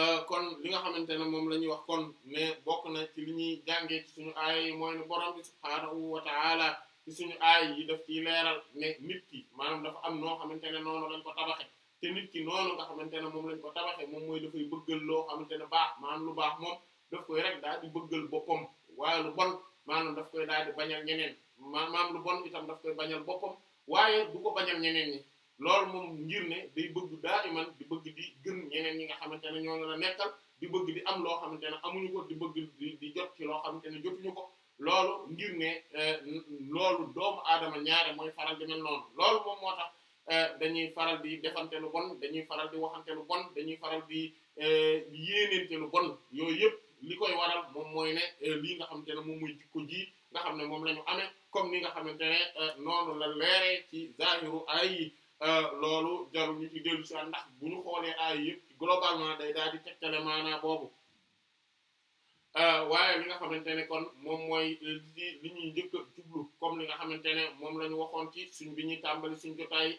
uh, kon li nga xamante ne moom la ñuy wax kon ne bokk na ci li ñuy jàngee ci suñu aaya yi mooy ne borom bi subhaanahu wa taala ci suñu yi daf ciy leeral ne nit ki maanaam dafa am noo xamante ne noonu lañ ko tabaxe te nit ki noonu nga xamante ne moom lañ ko tabaxe moom mooy dafay bëggal loo xamante ne baax maanaam lu baax moom daf koy rek daal di bëggal boppam waaye lu bon maanaam daf koy daal di bañal ñeneen maanaam lu bon itam daf koy bañal boppam waaye du ko bañal ñeneen ñi loolu moom ngir ne day bëgg daa iman di bëgg di gën ñeneen ñi nga xamante ne ñoo la nekkal di bëgg di am loo xamante ne amuñu ko di bëgg di jot ci loo xamante ne jotuñu ko loolu ngir ne eh, loolu doomu aadama ñaare mooy faral di mel noonu loolu moom moo tax eh, dañuy faral di defante lu bon dañuy faral di waxante lu bon dañuy faral di eh, yéeneente lu bon yooyu yëpp li koy waral moom mooy ne euh, lii nga xamante ne moom mooy jikko ji nga xam ne moom la amee comme ni nga xamante ne euh, noonu la leeree ci zahiru ay euh, loolu jarul ñu ci dellu si ndax bu ñu xoolee ay yëpp globalement day daal di tegtale boobu waaye li nga xamante ne kon moom mooy li li ñuy njëkk a jublu comme li nga xamante ne moom la ñu waxoon ci suñ bi ñuy tàmbali suñ jotaay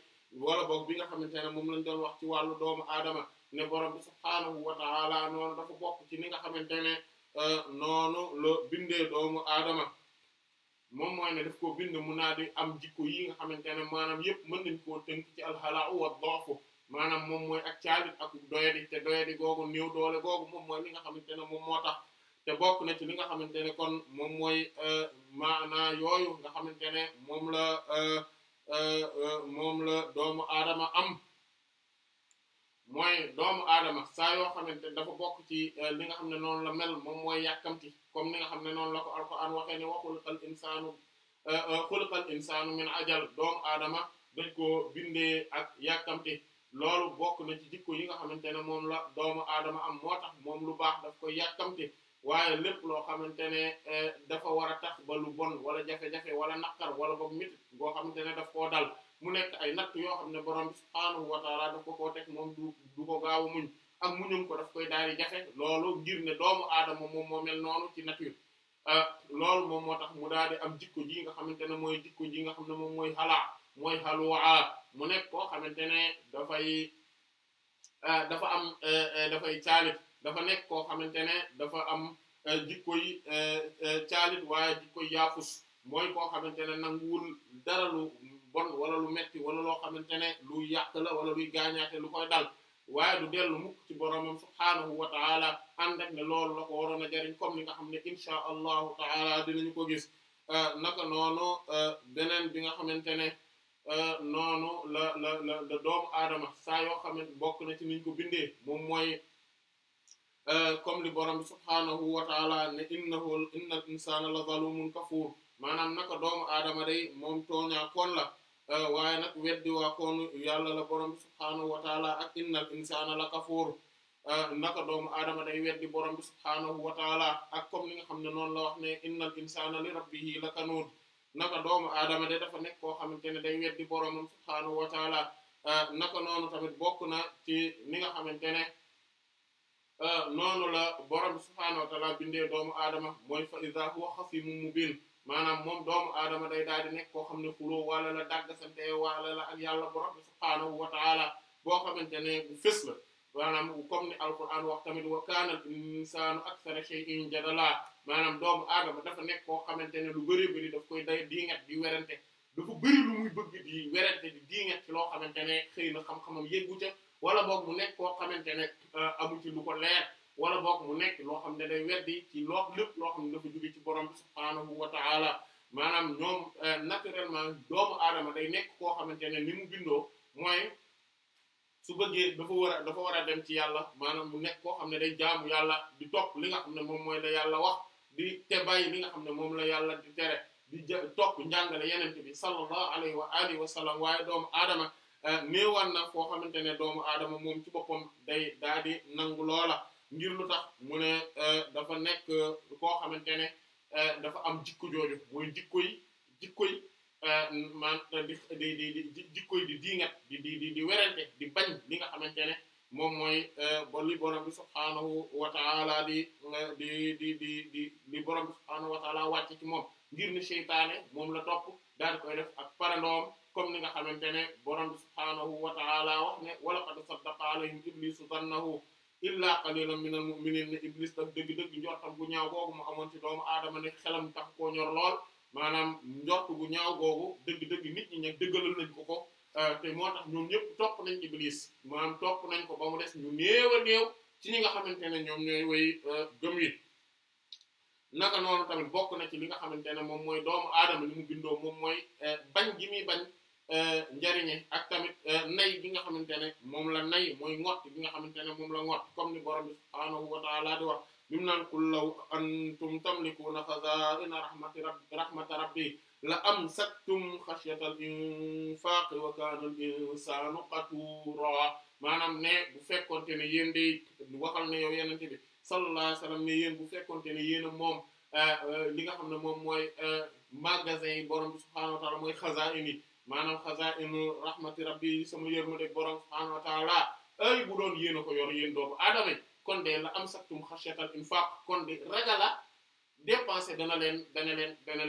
wala boog bi nga xamante ne moom lañ doon wax ci wàllu doomu aadama. ne borom bi subhaanahu wa ta'ala noonu dafa bokk ci ni nga xamante ne euh, noonu la bindee doomu aadama moom mooy ne daf ko bind mun naa di am jikko yi nga xamante ne maanaam yëpp mën nañ koo tënk ci alxalaa'u wa doofu maanaam moom mooy ak caalit ak doyadi te doyadi googu néew doole googu moom mooy li nga xamante ne moom moo tax te bokk na ci li nga xamante ne kon moom mooy euh, maanaa yooyu nga xamante ne moom la euh, moom la doomu aadama am mooy doomu aadama saa yoo xamante dafa bokk ci euh, li nga xam ne noonu la mel moom mooy yàkkamti comme ni nga xam ne noonu la ko alquran waxee ne wa xuliqal insaanu euh, euh, xuliqal insaanu min ajal doomu aadama dañ ko bindee ak yàkkamti loolu bokk na ci dikko yi nga xamante ne moom la doomu aadama am moo tax moom lu baax daf koy yàkkamti waaye lépp loo xamante ne dafa war a tax ba lu bon wala jafe-jafe wala naqar wala boog mit boo xamante ne daf koo dal mu nekk ay natt yoo xam ne borom bi subhaanahu wa taala daf ko koo teg moom du du ko gaaw ak muñum ko daf koy daal di jafe loolu ngir ne doomu aadama moom moo mel noonu ci nature ah, loolu moom moo tax mu daal am jikko ji nga xamante ne mooy jikko ji nga xam ne moom mooy xalaa mooy xaluwaa mu nekk koo xamante ne dafay ah, dafa am eh, eh, dafay caalit dafa nekk koo xamante ne dafa am eh, jikko yi caalit waaye jikko yaafus mooy koo xamante ne nanguwul dara lu bon wala lu metti wala loo xamante ne lu yàq la wala luy gaañaate lu koy dal waaye du dellu mukk ci boromam subhaanahu wa taala ànd ak ne loolu la ko waroon a jariñ comme ni nga xam ne insha allahu taala dinañu ko gis euh, naka euh, bi nga xamante ne euh, noonu la la la la doomu aadama saa yoo xamante mooy comme li koon la Euh, waaye nag weddi waa koonu yàlla la borom bi subhaanahu wa taala ak innal insaana la kafuur euh, naka doomu aadama day weddi borom bi subhaanahu wa taala noonu la wax naka doomu aadama de dafa nekk koo xamante ne day weddi boromam subhaanahu wa taala euh, noonu tamit bokk na ci ni nga xamante noonu la borom bi subhaanahu wa taala bindee doomu aadama mooy fa iza huwa xasimun mubin maanaam moom doomu aadama day daal di nekk koo xam ne xuloo wala la dàggasante wala la ak yàlla borom bi subhaanahu wa taala boo xamante ne bu fës la maanaam comme ni alquran wax tamit wa kaana al insaanu akthara shay'in jadala maanaam doomu aadama dafa nekk koo xamante ne lu bëri bëri daf koy day diingat di werante dafa bëri lu muy bëgg di werante di diingat ci loo xamante ne xëy na xam-xamam yeggu ca wala boog mu nekk koo xamante ne euh, amu ci lu leer wala boog mu nekk loo xam ne day weddi ci loo lépp loo xam ne dafa jóge ci borom bi subhaanahu wa ta'ala maanaam ñoom euh, naturellement doomu aadama day nekk koo xamante ne li mu bindoo su bëggee dafa war a dafa war a dem ci yàlla maanaam mu nekk koo xam ne day jaamu yàlla di topp li xam ne moom mooy la yàlla wax di te bàyyi li xam ne moom la yàlla di tere di topp njàngale yeneen bi sallallahu alayhi wa alihi wa sallam waaye doomu aadama euh, néewaan na foo xamante ne doomu aadama moom ci boppam day daa nangu loola ngir lu tax mu ne euh, dafa nekk euh, koo xamante ne euh, dafa am jikko jooju mooy jikko yi jikko man di di di jikko yi di diingat di di di di bañ li nga xamante ne moom mooy ba li borom bi subhaanahu wa taala di di di di di li borom bi subhaanahu wa moom ngir ne seytaane moom la topp daal koy def ak parandoom comme ni nga xamante ne borom bi subhaanahu wa wax ne wa laqad saddaqa alayhim iblisu zannahu illaa qalilan minal mu'minin ne iblis tam dëgg-dëgg njortam gu ñaaw googu mu amoon ci doomu aadama ne xelam tax koo ñor lool maanaam njort gu ñaaw googu dëgg-dëgg nit ñi ñag dëggalal nañ ko ko euh, te moo tax ñoom ñëpp topp nañ iblis maanaam topp nañ ko ba mu des ñu néew néew ci ñi nga xamante ne ñoom ñooy way euh, gëm yi naka noonu tamit bokk na ci li nga xamante ne moom mooy doomu aadama li mu bindoo moom mooy euh, bañ gi muy bañ Euh, njariñe ak tamit euh, nay bi nga xamante ne moom la nay mooy ngott bi nga xamante ne moom la ngott comme ni borom bi subhaanahu wa ta'ala di wax bimu naan qul law antum tamlikuuna xazaa'ina rahmati rabbi rahmata rabbi la amsaktum xashyata al infaaqi wa kaana al insaanu qatuuraa maanaam ne bu fekkonte ne yéen day waxal ne yow yenente bi sallallahu alayhi wa sallam ne yéen bu fekkonte ne yéen a moom euh, li nga xam ne moom mooy magasin yi borom bi subhaanahu maanaam xazaa'inu rahmati rabbi yi sama yërmande borom subhaanahu wa ta'ala ay bu doon yéen a ko yor yéen doomu aadama kon de la am saktum xashyatal infaq kon de ragala dépenser dana leen dana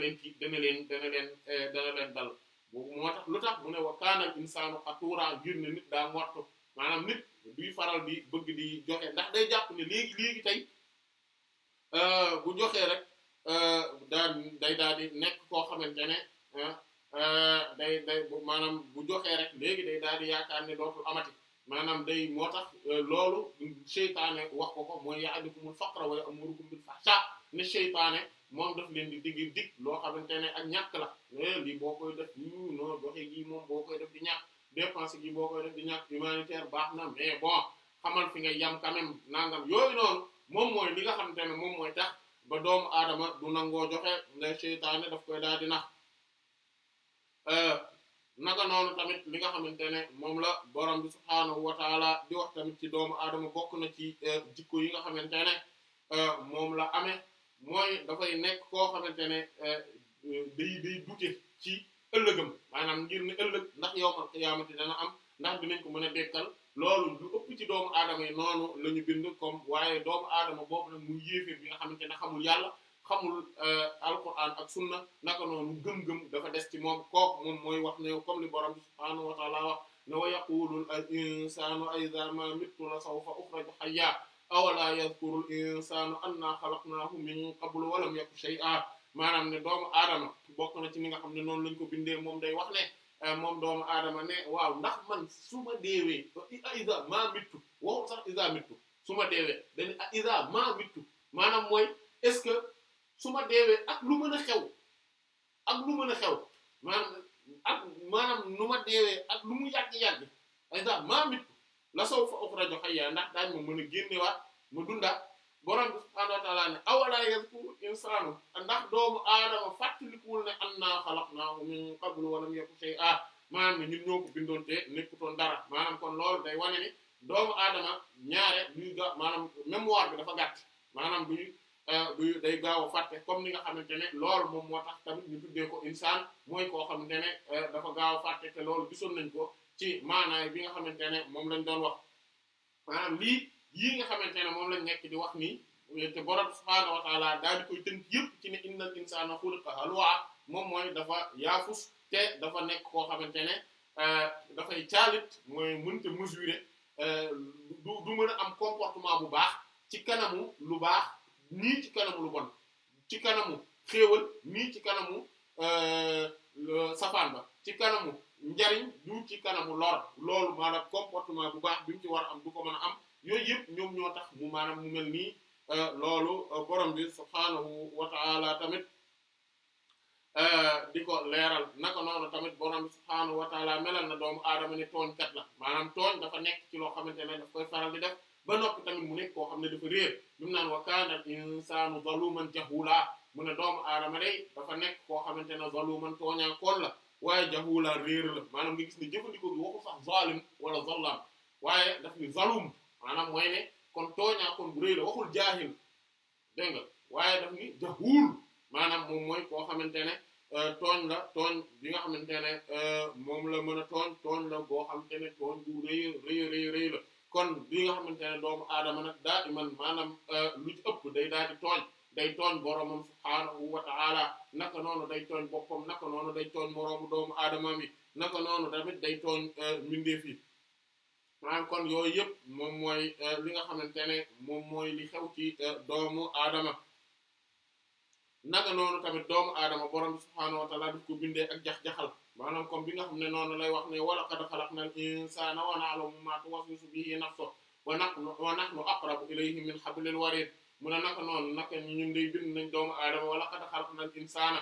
leen kii eh, dana leen dal lu tax mu ne wa kaanal insaanu qatuura ngir ne nit daa ngortu nit duy faral di bëgg di joxe ndax day jàpp ne léegi léegi tey eh, bu joxee rek eh, daal day daal nekk koo xamante ne ah, Euh, day day maanaam bu joxee rek léegi day daal di yaakaar ne dootul amati maanaam day moo tax euh, loolu seytaane wax ko ko mooy ya'idukumul faqra wa ya'murukum bil fahsha ne seytaane moom daf leen di digg dig loo xamante ne ak ñàkk la eh, lii boo koy def yuu hmm, non doxe gii moom boo koy def di ñàkk dépense gi boo koy def di ñàkk humanitaire baax na mais bon xamal fi nga yam quand même nangam yooyu noonu moom mooy li nga xamante ne moom mooy tax ba doomu aadama du nangoo joxe ne seytaane daf Euh, naka noonu tamit li nga xamante ne moom la borom bi subhaanahu wa di wax tamit ci doomu aadama bokk na ci euh, jikko yi nga xamante ne euh, moom la ame mooy dafay nekk koo xamante ne day day dute ci ëllëgam maanaam ngir ne ëllëg ndax yowmal qiyaamati dana am ndax dinañ ko mën a dekkal loolu lu ëpp ci doomu aadama yi noonu la ñu bind comme waaye doomu aadama boobu nag muy yéeféer bi nga xamante ne xamul yàlla xamul euh, alquran ak sunna naka noonu gëm-gëm dafa des ci moom kooku moom mooy wax ne comme li borom subhaanahu wa taala wax ne wa yaqulul insanu aiza ma mittu la sawfa ukhraju hayya awala yadhkurul insanu anna khalaqnahu min qablu wa lam yaku shay'a maanaam ne doomu aadama bokk na ci ni nga xam ne noonu lañ ko bindee moom day wax ne euh, moom doomu aadama ne waaw ndax man su ma deewee aiza ma mittu waxul sax iza mittu su ma deewee dañu aiza ma mittu maanaam mooy est-ce que su ma deewee ak lu mën a xew ak lu mën a xew maanaam nu ma deewee ak lu mu yàgg-yàgg ay da maa mit la sow fa uxrajo xayya ndax daañ ma mën a génnewaat ma dundaat borom bi subhaanahu wa ta'aala ne awalaa yazkuru insaanu ndax doomu aadama fàttalikuwul ne annaa xalaqnaahu min qablu wa lam yaku shay'an ah, maanaam ne ñun ñoo ko bindoon nekkutoon dara maanaam kon loolu day wane ni doomu aadama ñaare luy ga maanaam mémoire bi dafa gàtt maanaam duñu du euh, day gaaw a fàtte comme ni nga xamante ne lool moom moo tax tamit ñu tuddee ko insaan mooy koo xamante ne euh, dafa gaaw a fàtte te loolu gisoon nañ ko ci maanaay bi nga xamante ne moom lañ doon wax maanaam lii yii nga xamante ne moom lañ nekk di wax nii te borom subhaanahu wa taala daal di koy tënk yëpp ci ne innal insaana xuliqa haluwaa moom mooy dafa yaafus te dafa nekk koo xamante ne euh, dafay caalit mooy mënta mesurer du du mën a am comportement bu baax ci kanamu lu baax nii ci kanamu lu bon ci kanamu xéewal nii ci kanamu euh, safaan ba ci kanamu njariñ du ci kanamu lor loolu maanaam comportement bu baax bi mu ci war am du ko mën a am yooyu yëpp ñoom ñoo tax mu maanaam mu mel nii euh, loolu euh, borom bi subhaanahu wa ta'ala tamit di ko leeral naka noonu tamit borom bi subhaanahu wa ta'ala melal na doomu aadama ne tooñkat la maanaam tooñ dafa nekk ci loo xamante ne daf koy faral di def ba noppi tamit mu nekk koo xam ne dafa riir bi mu naan wa kaana insaanu zaluman jahula mu ne doomu aadama day dafa nekk koo xamante ne zaluman tooñaa kool la waaye jahula réer la maanaam nga gis ne jëfandikoo gi waxu sax zalim wala zallam waaye daf ni zalum maanaam mooy ne kon tooñaa kon bu réer la waxul jaahil dégg nga waaye daf ni jahul maanaam moom mooy koo xamante ne euh, tooñ la tooñ bi nga xamante ne euh, moom la mën a tooñ tooñ la boo xamante ne tooñ bu rëy rëy la kon bi nga xamante ne doomu aadama nag daa iman maanaam euh, lu ëpp day daal di day tooñ boromam subhaanahu wa ta'ala naka noonu day tooñ boppam naka noonu day tooñ doomu aadama mi naka noonu tamit day tooñ euh, mbindeef yi kon yooyu yëpp moom mooy euh, li nga xamante ne moom mooy li xew ci doomu aadama naka noonu tamit doomu aadama borom subhaanahu wa ta'ala daf ko bindee ak jax-jaxal maanaam comme bi nga xam ne noonu lay wax ne wa laqad khalaqnal insana wa na'lamu ma tuwaswisu bihi nafsuhu wa nahnu wa nahnu aqrabu ilayhi min hablil warid mu ne naka noonu naka ñun day bind nañ doomu aadama wa laqad khalaqnal insana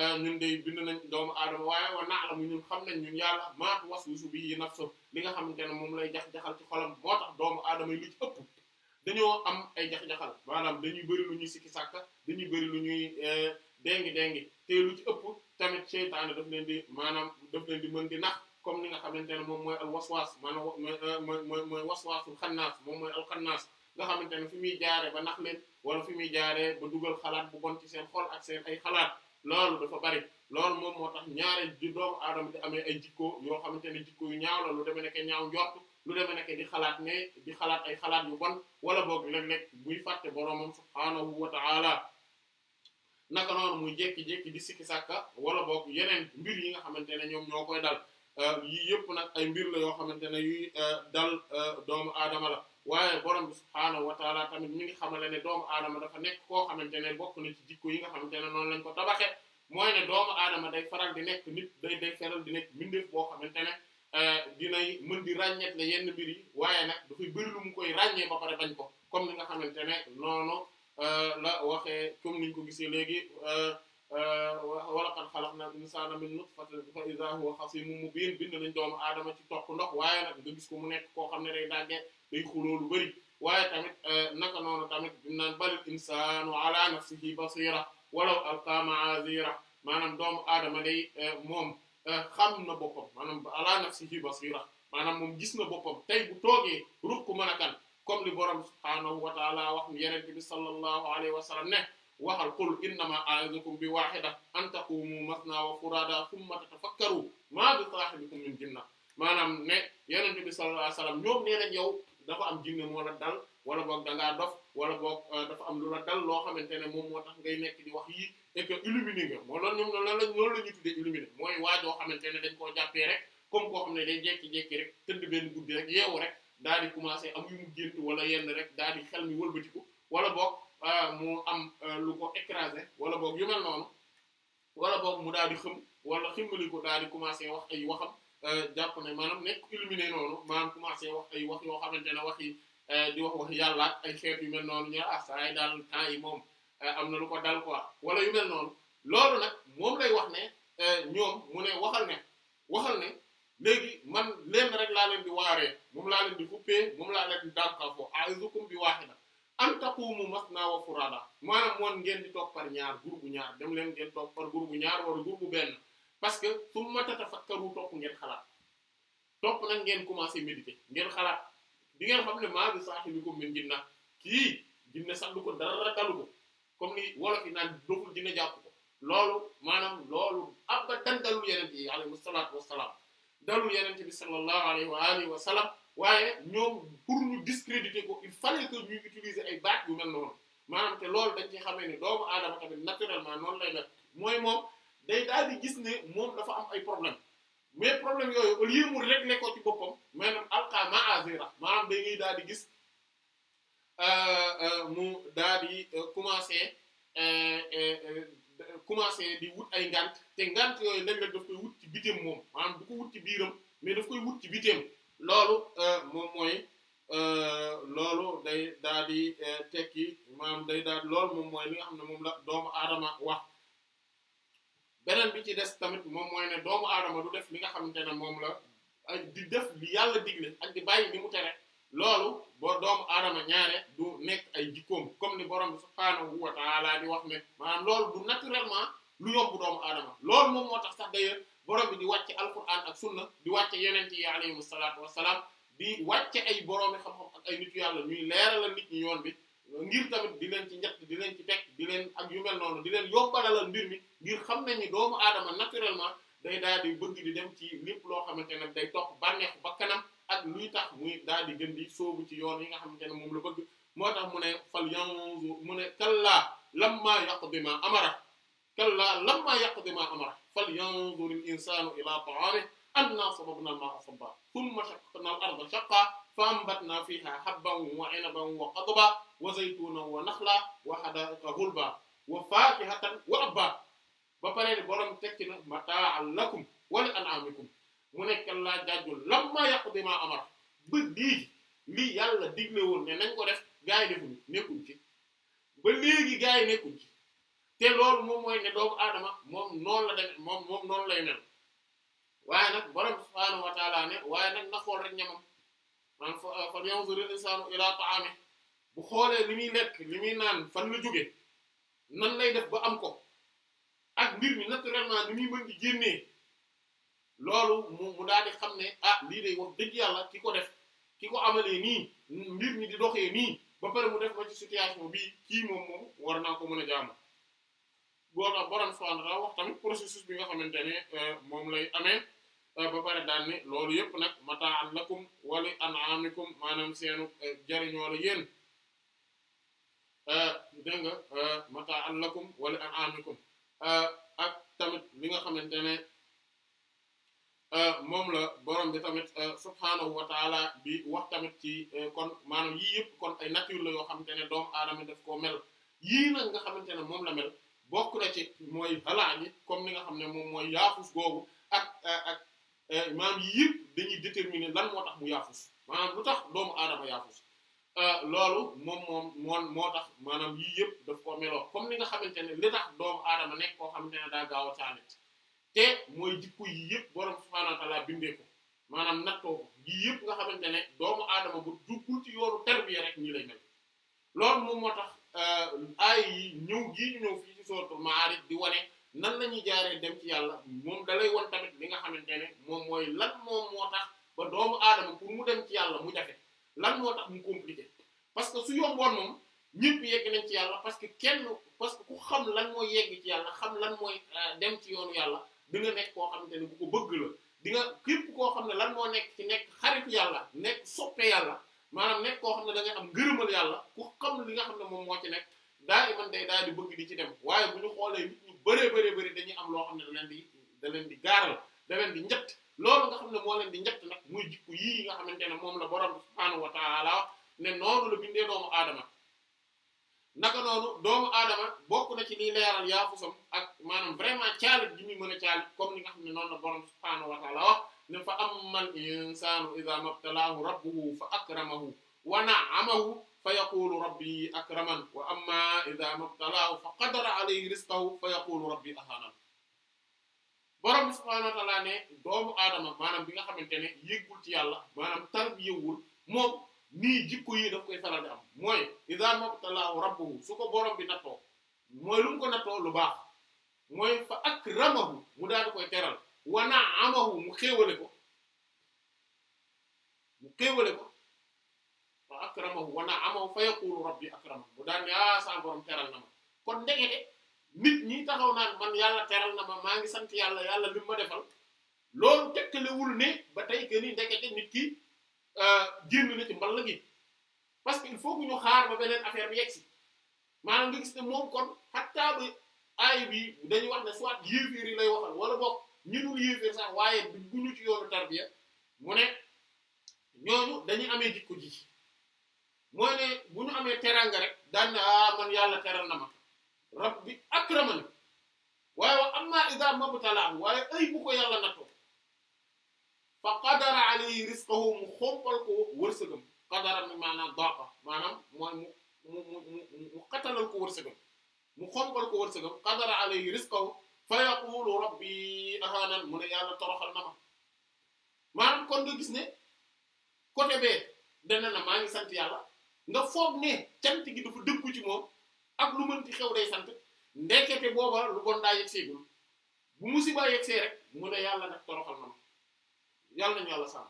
euh, ñun day bind nañ doomu aadama waaye wa na'lamu ñun xam nañ ñun yàlla ma tuwaswisu bihi nafsuhu li nga xamante ne moom lay jax-jaxal ci xolam moo tax doomu aadama yi lu ci ëpp dañoo am ay jax-jaxal maanaam dañuy bëri lu ñuy sikki sàkka dañuy bëri lu ñuy euh, déngi déngi te lu ci ëpp tamit seytaane daf leen di maanaam daf leen di mën di nax comme ni nga xamante ne moom mooy al waswaas maanaam euh, mooy mooy mooy waswaasul xannaas moom mooy al xannaas nga xamante ne fi muy jaaree ba nax leen wala fi muy jaaree ba dugal xalaat bu bon ci seen xool ak seen ay xalaat loolu dafa bari lool moom moo tax ñaare di doomu aadama di amee ay jikko yoo xamante ne jikko yu ñaaw la lu demee nekk ñaaw njort lu demee nekk di xalaat ne di xalaat ay xalaat yu bon wala boog buy fàtte boromam subhaanahu wa naka noonu muy jékki-jékki di sikki sàkka wala boog yeneen mbir yi nga xamante ne ñoom ñoo koy dal euh, yii yëpp nag ay mbir la yoo xamante ne yuy euh, dal euh, doomu aadama la waaye borom bi subhaanahu wa taala tamit ñu ngi xamale ne doomu aadama dafa nekk koo xamante ne bokk na ci jikko yi nga xamante ne noonu lañ ko tabaxe mooy ne doomu aadama day faral di nekk nit day day faral di nekk mbindeef boo xamante ne dinay mën di ràññeet la yenn mbir waaye nag dafay bëri lu mu koy ràññee ba pare bañ ko comme ni nga Euh, la waxee comme niñ ko gisee léegi euh, euh, wa laqad xalaqnal insaana min nutfatin fa izaa huwa mu mubiin bind nañ doomu aadama ci topp ndox waaye nag nga mu nekk koo xam ne day dàgge day xuloo bari waaye tamit naka noonu tamit bi naan balil insaanu ala nafsihi basiira walaw alqaa ma'aaziira maanaam doomu aadama day moom xam na boppam maanaam ala nafsihi basiira maanaam moom gis na boppam tey bu toogee ruq mën a kan comme li borom subhaanahu wa taala wax yenente bi sallallahu alayhi wa sallam ne waxal qul innama a'izukum bi wahida an taqumu masna wa furada thumma tatafakkaru ma bi saahibikum min jinna maanaam ne yenente bi sallallahu alayhi wa sallam ñoom nee nañ yow dafa am jinne moo la dal wala boog dangaa dof wala boog euh, dafa am lu la dal loo xamante ne moom moo tax ngay nekk di wax yi et que illuminé nga moo loolu ñoom la loolu la ñu tuddee illuminé mooy waajoo xamante ne dañ koo jàppee rek comme koo xam ne day rek tëdd benn guddi rek rek daal di commencé am yu mu gént wala yenn rek daal di xel mi wëlbatiku wala boog euh, mu am euh, lu ko écrasé wala boog yu mel noonu wala boog mu daal di xëm wala ximbali ko daal di commencé wax ay waxam euh, jàpp ne maanaam nekk illuminé noonu maanaam commencé wax ay wax yoo xamante ne wax yi di wax wax yàlla ak ay xeet yu mel noonu ñu ah saa daal temps yi moom am na lu ko dal quoi wala yu mel noonu loolu nag moom lay wax ne ñoom mu ne waxal ne waxal ne. léegi man lenn rek laa leen di waaree moom laa leen di fuppee moom laa leen di dànkafoo a'izukum bi wahida an taqumu masna wa furada maanaam moon ngeen di toog par ñaar groupe ñaar dem leen ngeen toog par groupe ñaar wala groupe benn parce que summa tatafakkaru topp ngeen xalaat topp nag ngeen commencé méditer ngeen xalaat di ngeen xam ne maa bi saahibikum min jinna kii jinne sax du ko dara dalu ko comme ni wolof yi naan doful dina jàpp ko loolu maanaam loolu abba dandalu yeneen yi alayhi salaatu wassalaam dalul yenente bi sallallahu alayhi wa alihi wa waaye ñoom pour ñu discréditer ko il fallait que ñuy utiliser ay baat yu mel noonu maanaam te loolu dañ ci xamee ne doomu aadama tamit naturellement noonu lay def mooy moom day daal di gis ne moom dafa am ay problème mais problème yooyu au lieu nekkoo régler ko ci boppam maanaam alqa maa maanaam da ngay daal di gis euh, euh, mu daal di euh, commencer commencer di wut ay ngant te ngant yooyu léeg-léeg daf koy wut ci bitim moom maanaam du ko wut ci biiram mais daf koy wut ci bitim loolu euh, moom mooy euh, loolu day daal di euh, tekki maanaam day daal loolu moom mooy li nga xam ne moom la doomu aadama wax beneen bi ci des tamit moom mooy ne doomu aadama du def li nga xamante ne moom la di def li yàlla digle ak di bàyyi li mu tere loolu boo doomu aadama ñaare du nekk ay jikkoom comme ni borom bi subhaanahu wa taala di wax ne maanaam loolu du naturellement lu yomb doomu aadama loolu moom moo tax sax d'ailleurs borom bi di wàcce alquran ak sunna di wàcce yeneen yi alayhimu salaatu wassalaam di wàcce ay boroomi xam-xam ak ay nitu yàlla ñuy leeralal nit ñi yoon bi ngir tamit di leen ci njëkk di leen ci tek di leen ak yu mel noonu di leen yombalalal mbir mi ngir xam nañ ni doomu aadama naturellement day daal di bëgg di dem ci lépp loo xamante ne day topp bànneexu bakkanam ak luy tax muy daal di gën di sóobu ci yoon yi nga xamante ne moom la bëgg moo tax mu ne fal yanzu mu ne kallaa lamma yaqdi ma amara kallaa lammaa yaqdi maa amara falyanzur al-insaanu ilaa ta'aamihi annaa sababnaa al-maa'a sabbaa thumma shaqaqnaa al-arda shaqqaa فأنبتنا فيها حبا وعنبا وقضبا وزيتونا ونخلا وحدائق غلبا وفاكهة وأبا ba pare di borom tekki na mataa'an lakum wa li an'aamikum mu nekk laa jaajul lamma yaqdi maa amara ba léegi lii yàlla digle woon ne nañ ko def gaa yi defuñu nekkuñ ci ba léegi gaa yi nekkuñ ci te loolu moom mooy ne doomu aadama moom noonu la dem moom moom noonu lay mel waaye nag borom subhaanahu wa ne waaye nag na xool rek ñamam euh, bu xoolee li muy lekk li muy naan fan la jóge nan lay def ba am ko ak mbir mi naturellement li muy mën di génnee loolu mu daal di xam ne ah lii day wax yàlla ki ko def ki ko amalee nii mbir mi di doxee nii ba pare mu def ma ci situation bii kii moom moom war naa ko mën a jaamu boo tax borom subhanahu wa wax tamit processus bi nga xamante ne euh, moom lay amee euh, ba pare daal ne loolu yëpp nag mata'an lakum wa li an'amikum maanaam seenu euh, jariñoo la yéen dégg nga mata'an lakum wa li an'amikum ak tamit li nga xamante ne moom la borom bi tamit subhanahu wa ta'ala wax tamit ci kon maanaam yii yëpp kon ay nature la yoo xamante ne doomu aadama daf koo mel yii nag nga xamante ne moom la mel. bokk na ci mooy xalaat yi comme ni nga xam ne moom mooy yaafus googu ak ak eh, maanaam yii yëpp dañuy déterminer lan moo tax mu yaafus maanaam lu tax doomu aadama yaafus eh, loolu moom moom moon moo tax maanaam yii yëpp daf ko meloo comme ni nga xamante ne li tax doomu aadama nekk koo ne daa gaaw a caane te mooy jikko yii yëpp borom subhaanahu bindee ko maanaam nattoo ko yii yëpp nga xamante ne doomu aadama bu duggul ci yoonu tarbiya rek ñi lay mel loolu moom moo tax eh, aay yi ñëw gii ñëw fii suratul Ma'arij di wane nan la ñuy jaaree dem ci yàlla moom dalay wan tamit li nga xamante ne moom mooy lan moom moo tax ba doomu aadama pour mu dem ci yàlla mu jafe lan moo tax mu compliqué parce que su yomboon moom ñëpp yegg nañ ci yàlla parce que kenn parce que xam lan mooy yegg ci yàlla xam lan mooy euh, dem ci yoonu yàlla di nga nekk koo xam ne bu ko bëgg la di nga képp koo xam ne lan moo nekk ci nekk xarit yàlla nekk soppe yàlla maanaam nekk koo xam ne da ngay am ngërëmal yàlla ku xam li nga xam ne moom moo ci nekk daa iman day daal di bëgg di ci dem waaye bu ñu xoolee nit ñu bëree bëree bëri dañuy am loo xam ne da leen di da leen di gaaral da leen di njett loolu nga xam ne moo leen di njett nag muy jikko yii ne moom la borom bi subhaanahu wa taala ne noonu la bindee doomu aadama naka noonu doomu aadama bokk na ci liy leeral yaafusam ak maanaam vraiment caalit gi muy mën a caalit comme ni nga xam ne noonu la borom subhaanahu wa taala wax ne fa ammal insaanu iza mabtalaahu rabbuhu fa akramahu wa na'amahu fa yaqulu rabbi akraman wa amma idha mabtalaahu fa qadara alayhi rizqahu fa yaqulu rabbi ahanan borom bi subhaanahu wa ta'aala ne doomu aadama maanaam bi nga xamante ne yëggul ci yàlla maanaam tarbiyewul moom nii jikko yi daf koy faral di am mooy idha mabtalaahu rabbuhu su ko borom bi nattoo mooy lu mu ko nattoo lu baax mooy fa akramahu mu daal di koy teral wa na'amahu mu xéewale ko mu xéewale ko akramahu wa na'amahu fa yaqulu rabbi akraman bu daan ne ah sa borom teral na ma kon ndegete nit ñi taxaw naan man yàlla teral na ma maa ngi sant yàlla yàlla li ma defal loolu tegtalewul ne ba tey que ni ndekete nit ki euh, génn na ci mbal gi parce que il faut que ñu xaar ba beneen affaire bi yegg si maanaam nga gis ne moom kon xattaa ba aay bi dañu wax ne soit yéeféer yi lay waxal wala boog ñu dul yéeféer sax waaye bu ñu ci tarbiya mu ne dañuy amee jikko mooy ne bu ñu amee teraanga rek daan ne ah man yàlla teral na ma rabbi akramani waaye wa amma idha mabtalaahu waaye ay bu ko yàlla nattoo fa qadara alayhi rizqahu mu xompal ko wërsëgam qadara mi maanaam daaqa maanaam mooy rizqahu fa yaqulu rabbi ahaanan mu ne yàlla toroxal na ma maanaam kon nga gis ne côté bee dana na maa sant yàlla nga foog ne cant gi dafa dëggu ci moom ak lu mën mënti xew day sant ndekete booba lu bon daa yegg seegul bu musiba yegg see rek mu ne yàlla nag toroxal na ma yàlla nañu yàlla sàmm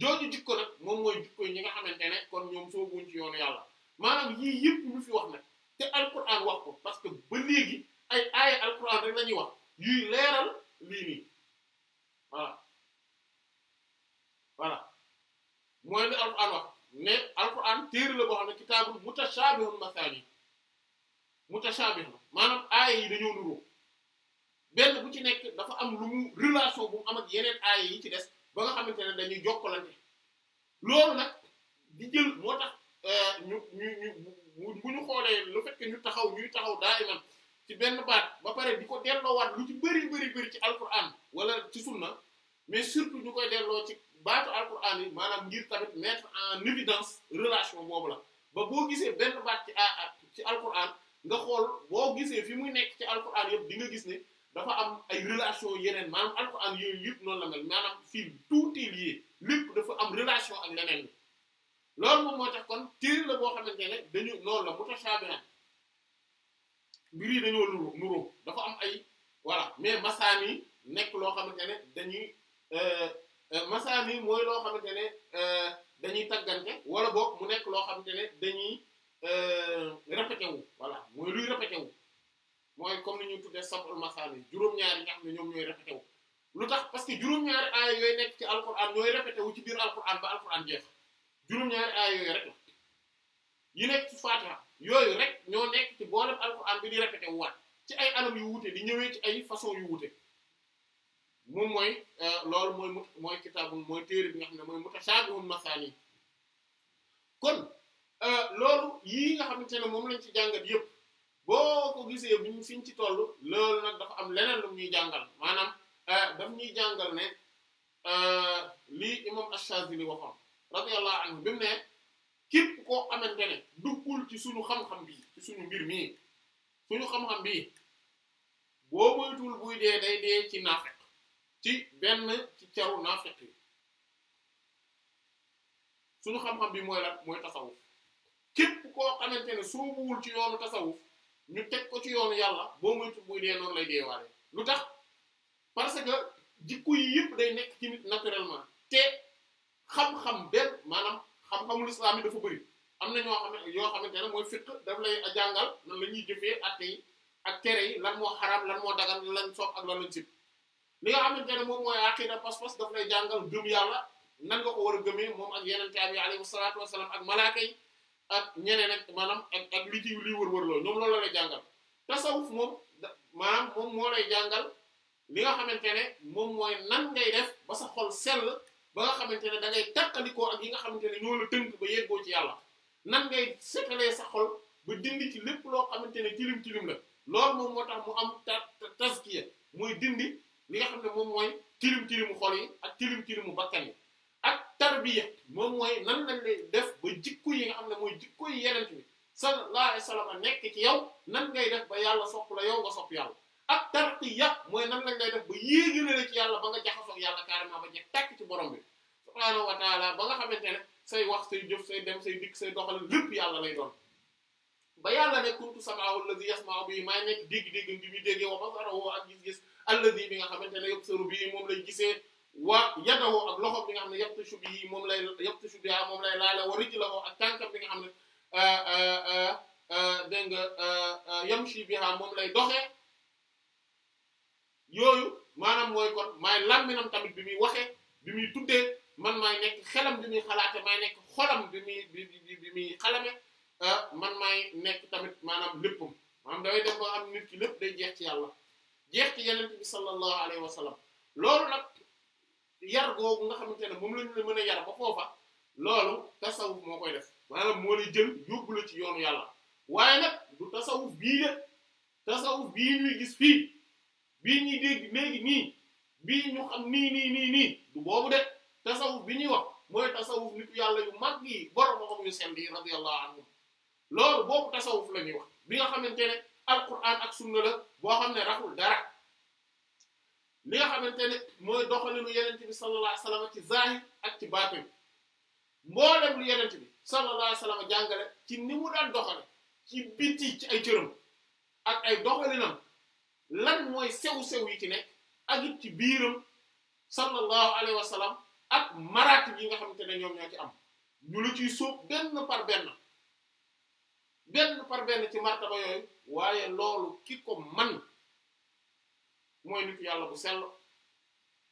jooju jikko nag moom mooy jikko ñi nga xamante ne kon ñoom sooguñ ci yoonu yàlla maanaam yii yëpp lu fi wax nag te alquran wax ko parce que ba léegi ay aaya alquran rek la ñuy wax yuy leeral lii nii voilà voilà mooy li alquran wax. ne alquran téere la boo xam ne kitaabul mutashaabihun masaani mutashaabih la maanaam aaya yi dañoo nuroo benn bu ci nekk dafa am lu mu relation bu mu am ak yeneen aaya yi ci des ba nga xamante ne dañuy jokkalante loolu nag di jël moo tax euh, ñu ñu bu ñu xoolee lu fait ñu taxaw ñuy taxaw daayiman ci benn baat ba pare di ko delloo delloowaat lu ci bëri bëri bëri ci alquran wala ci sunna mais surtout ñu koy delloo ci baatu alquran yi maanaam ngir tamit mettre en évidence relation boobu la ba boo gisee benn baat ci ci alquran nga xool boo gisee fi mu nekk ci alquran yëpp di nga gis ni dafa am ay relation yeneen maanaam alquran yooyu yëpp noonu la mel maanaam fii tout est lié dafa am relation ak leneen loolu moom moo tax kon téere la boo xamante ne dañu loolu la mutashabihan mbir yi dañoo nuru nuru dafa am ay voilà mais masaan yi nekk loo xamante ne dañuy. Euh, Euh, masaani mooy loo xamante ne euh, dañuy taggante wala boog mu nekk loo xamante ne dañuy euh, répété wu voilà mooy luy répété wu mooy comme ni ñuy tuddee sabul masaani juróom-ñaari nga xam ne ñoom ñooy répété lu tax parce que juróom-ñaari aaya yooyu nekk ci alquran ñooy répété wu ci biir alquran ba alquran jeex juróom-ñaari aaya yooyu rek la yi nekk ci Fatiha yooyu ñoo nekk ci boolem alquran bi di répété wu waat ci ay anam yu wuute di ñëwee ci ay façon yu wuute moom mooy euh, loolu mooy mooy kitaabu mooy téere bi nga xam ne mooy mutashaabihun masaani kon euh, loolu yii nga xamante ne moom lañ ci jàngat yépp boo ko gisee buñ fiñ ci toll loolu nag dafa am leneen lu ñuy jàngal maanaam euh, daf ñuy jàngal ne lii imam Ash-Shazili waxoon radiyallahu anhu bi mu ne képp koo xamante ne duggul ci suñu xam-xam bi ci suñu mbir mii suñu xam-xam bii boo moytuwul buy dee day dee ci naafe ci benn ci caru naafeq yi suñu xam-xam bi mooy lan mooy tasawuf képp koo xamante ne soobuwul ci yoonu tasawuf ñu teg ko ci yoonu yàlla boo moytu buy dee noonu lay deewaale lu tax parce que jikko yi yëpp day nekk ci nit naturellement te xam-xam benn maanaam xam-xamul islam yi dafa bëri am na ñoo xam ne yoo xamante ne mooy fiqh daf lay jàngal nan la ñuy jëfee atte yi ak tere yi lan moo xaraam lan moo dagan lan lañ sopp ak loolu lañ sib li nga xamante ne moom mooy aqida pas-pas daf lay jàngal gëm yàlla nan nga ko war a gëmee moom ak yeneen taab yi alayhi salaatu wasalaam ak malaaka yi ak ñeneen ak maanaam ak ak li ci lii wër-wër loolu ñoom loolu la lay jàngal tasawuf moom maanaam moom moo lay jàngal li nga xamante ne moom mooy nan ngay def ba sa xol sell ba nga xamante ne da ngay ak yi nga xamante ne ñoo la tënk ba yeggoo ci yàlla nan ngay setalee sa xol ba dindi ci lépp loo xamante ne tilim tilim la loolu moom am ta tazkiya li nga xam ne moom mooy tilim tilimu xol yi ak tilim tilimu bakkan yi ak tarbiya moom mooy nan lañ lay def ba jikko yi nga xam ne mooy jikko yi yeneen bi sallallahu alayhi wasallam nekk ci yow nan ngay def ba yàlla sopp la yow nga sopp yàlla ak tarqiya mooy nan lañ lay def ba yéegale la ci yàlla ba nga jaxasoog yàlla carrément ba jekk tàkk ci borom bi subhaanahu wa taala ba nga xamante ne say wax say jëf say dem say dikk say doxal lépp yàlla lay doon ba yàlla ne kuntu sam'ahu alladhi yasma'u bi maa nekk dégg-dégg bi muy déggee wa basarahu ak gis-gis alladhi bi nga xamante ne yubsiru bi moom lay gisee wa yadahu ak loxo bi nga xam ne yabtashu bi moom lay yabtashu biha moom lay laale wa rijlahu ak tànkam bi nga xam ne ah, ah, ah, dégg nga yamshi biha moom lay doxee yooyu maanaam mooy kon maay làmminam tamit bi muy waxee bi muy tuddee man maay nekk xelam bi muy xalaate maay nekk xolam bi muy xalame Ah, man maay nekk tamit maanaam léppam maanaam damay def ba am nit ki lépp day jeex ci yàlla jeex ci yonent bi sallallahu alayhi wa sallam loolu nag yar googu nga xamante ne moom la mën a yar ba foofa loolu tasawuf moo koy def maanaam moo lay jël yóbbu la ci yoonu yàlla waaye nag du tasawuf bii de tasawuf bii ñuy gis fii bii ñu dégg léegi nii bii ñu xam nii nii nii nii du boobu de tasawuf bi ñuy wax mooy tasawuf nitu yàlla yu mag yi borom xam yu sell loolu boobu tasawuf la ñuy wax bi nga xamante ne alquran ak sunna la boo xam ne raxul dara li nga xamante ne mooy doxalinu yenent bi sallallahu alayhi wasallam ci zahir ak ci baatin mboolem lu yenent bi sallallahu alayhi wasallam jàngale ci ni mu daan doxale ci biti ci ay cëram ak ay doxalinam lan mooy sew-sew yi ci nekk ak ci biiram sallallahu alayhi wasallam ak maraati yi nga xamante ne ñoom ñoo ci am ñu lu ciy sóob benn par benn benn par benn ci martaba yooyu waaye loolu ki ko man mooy nitu yàlla bu sell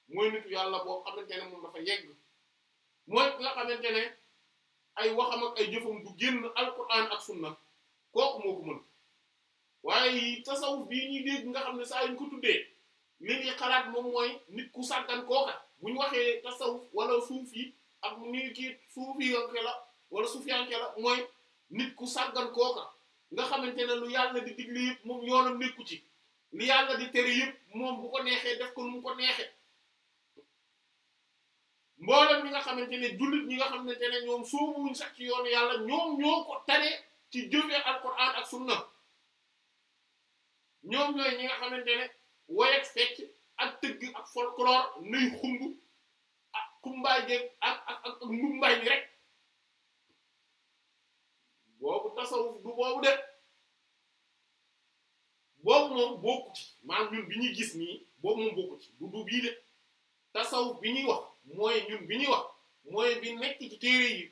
mooy nitu yàlla boo xamante ne moom dafa yegg mooy nga xamante ne ay waxam ak ay jëfam du génn alquran ak sunna kooku moo ko mën waaye tasawuf bii ñuy dégg nga xam ne saa yuñ ko tuddee li ñuy xalaat moom mooy nit ku sàggan kooka bu ñu waxee tasawuf wala suuf yi ak ni kii suuf yi la wala suuf yanke la mooy nit ku sàggan kooka nga xamante ne lu yàlla di digle yëpp moom yoonam nekku ci lu yàlla di tere yëpp moom bu ko neexee def ko nu mu ko neexee mboolem ñi nga xamante ne jullit ñi nga xamante ne ñoom soobuwuñ sax ci yoonu yàlla ñoom ñoo tare ci jëfee alquran ak ñooy ñi nga xamante ne woyet fecc ak tëgg ak folklore nuy xumb ak xumbaay jeeg ak ak ak rek boobu tasawuf du boobu de boobu moom bokku ci maanaam ñun bi ñuy gis nii boobu moom bokku ci du du bii de tasawuf bi ñuy wax mooy ñun bi ñuy wax mooy bi nekk ci téere yi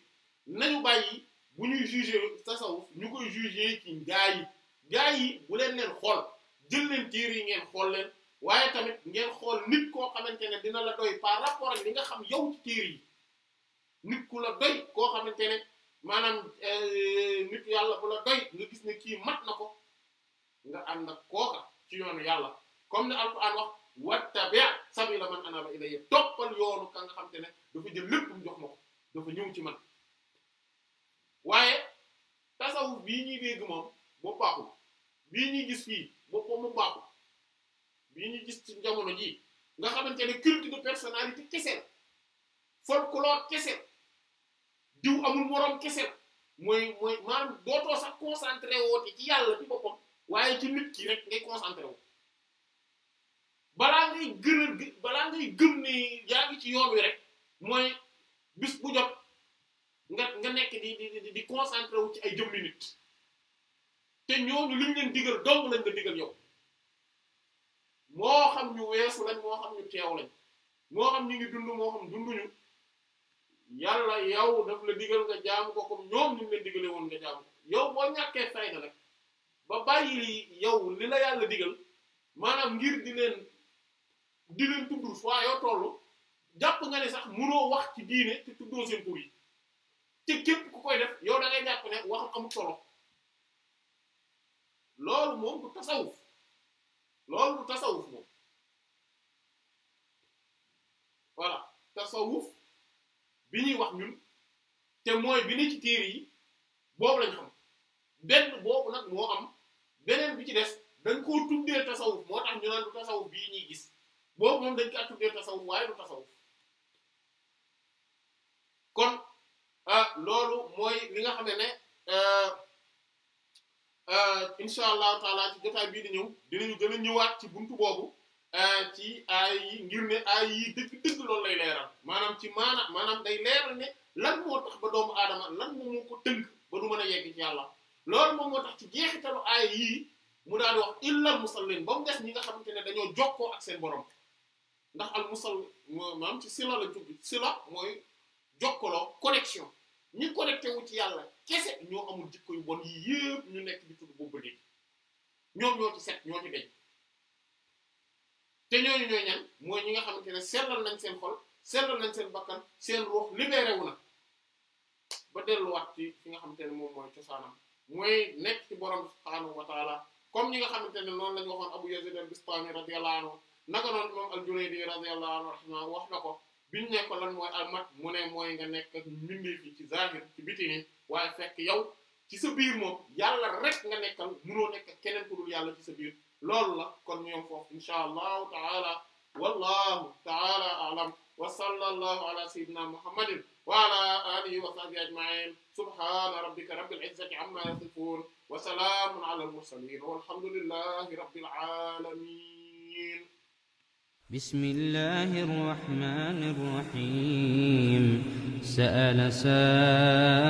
nañu bàyyi bu ñuy juger tasawuf ñu koy juger ci gaa yi gaa yi bu leen leen xool jël leen téere yi ngeen xool leen waaye tamit ngeen xool nit koo xamante ne dina la doy par rapport ak li nga xam yow ci téere yi nit ku la doy koo xamante ne maanaam eh, nit yàlla bu la doy nga gis ne kii mat na ko nga ànd ak kooka ci yoonu yàlla comme ni alquran wax wattabi' la man anaba ilayya toppal yoonu ka nga xam te ne dafa jël lépp jox ma ko dafa ñëw ci man waaye tasawuf bii ñuy dégg moom boo baaxul bii ñuy gis fii boppam mu baaxul bii ñuy gis ci jamono ji nga xamante ne culte de personnalité kese la folklore kese diw amul moroom kese la mooy mooy maanaam dootoo sax concentré woote ci yàlla ci boppam waaye ci nit ki rek ngay concentré wu balaa ngay gën a balaa ngay gëm ni yaa ci yoon wi rek mooy bis bu jot nga nga nekk di di di concentré wu ci ay jëmmi nit te ñooñu li ñu leen digal dong lañ nga digal yow moo xam ñu weesu lañ moo xam ñu teew lañ moo xam ñu ngi dund moo xam dunduñu yàlla yow daf la digal nga jaamu ko comme ñoom ni mu leen digalee woon nga jaamu yow boo ñàkkee fayda nag ba bàyyi yow li la yàlla digal maanaam ngir di leen di leen tudd fois yoo toll jàpp nga ne sax mënoo wax ci diine te tuddoo seen tur yi te képp ku koy def yow da ngay jàpp ne wax amul solo loolu moom du tasawuf loolu moom voilà tasawuf bi ñuy wax ñun te mooy bi ne ci téere yi boobu lañ xam benn boobu nag moo am beneen bi ci des dañ koo tuddee tasawuf moo tax ñu naan du tasawuf bii ñuy gis boobu moom dañ kaa tuddee tasawuf waaye lu tasawuf kon ah, loolu mooy li nga xam ne euh, euh, incha allahu taala ci jotaay bii di ñëw dinañu gën a ñëwaat ci buntu boobu. ci aay yi ngir ne aay yi dëgg-dëgg loolu lay leeral maanaam ci maana maanaam day leeral ne lan moo tax ba doomu aadama lan moom moo ko tënk ba du mën a yegg ci yàlla loolu moom moo tax ci jeexitalu aay yii mu daal di wax illal musallin ba mu des ñi nga xamante ne dañoo jokkoo ak seen borom ndax al musal maanaam ci sila la jubbi sila mooy jokkaloo connexion ñi connecté wu ci yàlla kese ñoo amul jikko yu bon yi yëpp ñu nekk di tudd boobu léegi ñoom ñoo ci set te ñooñu ñooy ñan mooy ñi nga xam ne sellal nañ seen xol sellal nañ seen bakkan seen ruux libéré na ba delluwaat ci fi nga xamante ne moom mooy cosaanam mooy nekk ci borom subhaanahu wa comme ñi nga xamante ne noonu la ñu waxoon Abu Yazid naka noonu moom al-Junayd radiyallahu wax na ko biñ ne ko lan mooy almat mu ne mooy nga nekk mbindee fi ci zahir ci biti ni waaye fekk yow ci sa biir moom yàlla rek nga nekkal mënoo nekk keneen ku yàlla ci sa biir. loolu la kon ñoom foofu insha allahu taala wallahu taala alam wa sallallahu ala sayyidina muhammadin wa ala alihi wa sahbihi ajma'in subhana rabbika rabbil izzati amma yasifun wa salamun ala al mursalin walhamdulillahi rabbil alamin بسم الله الرحمن الرحيم سأل سائل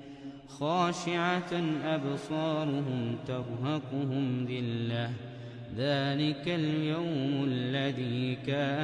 خاشعة أبصارهم ترهقهم ذلة ذلك اليوم الذي كان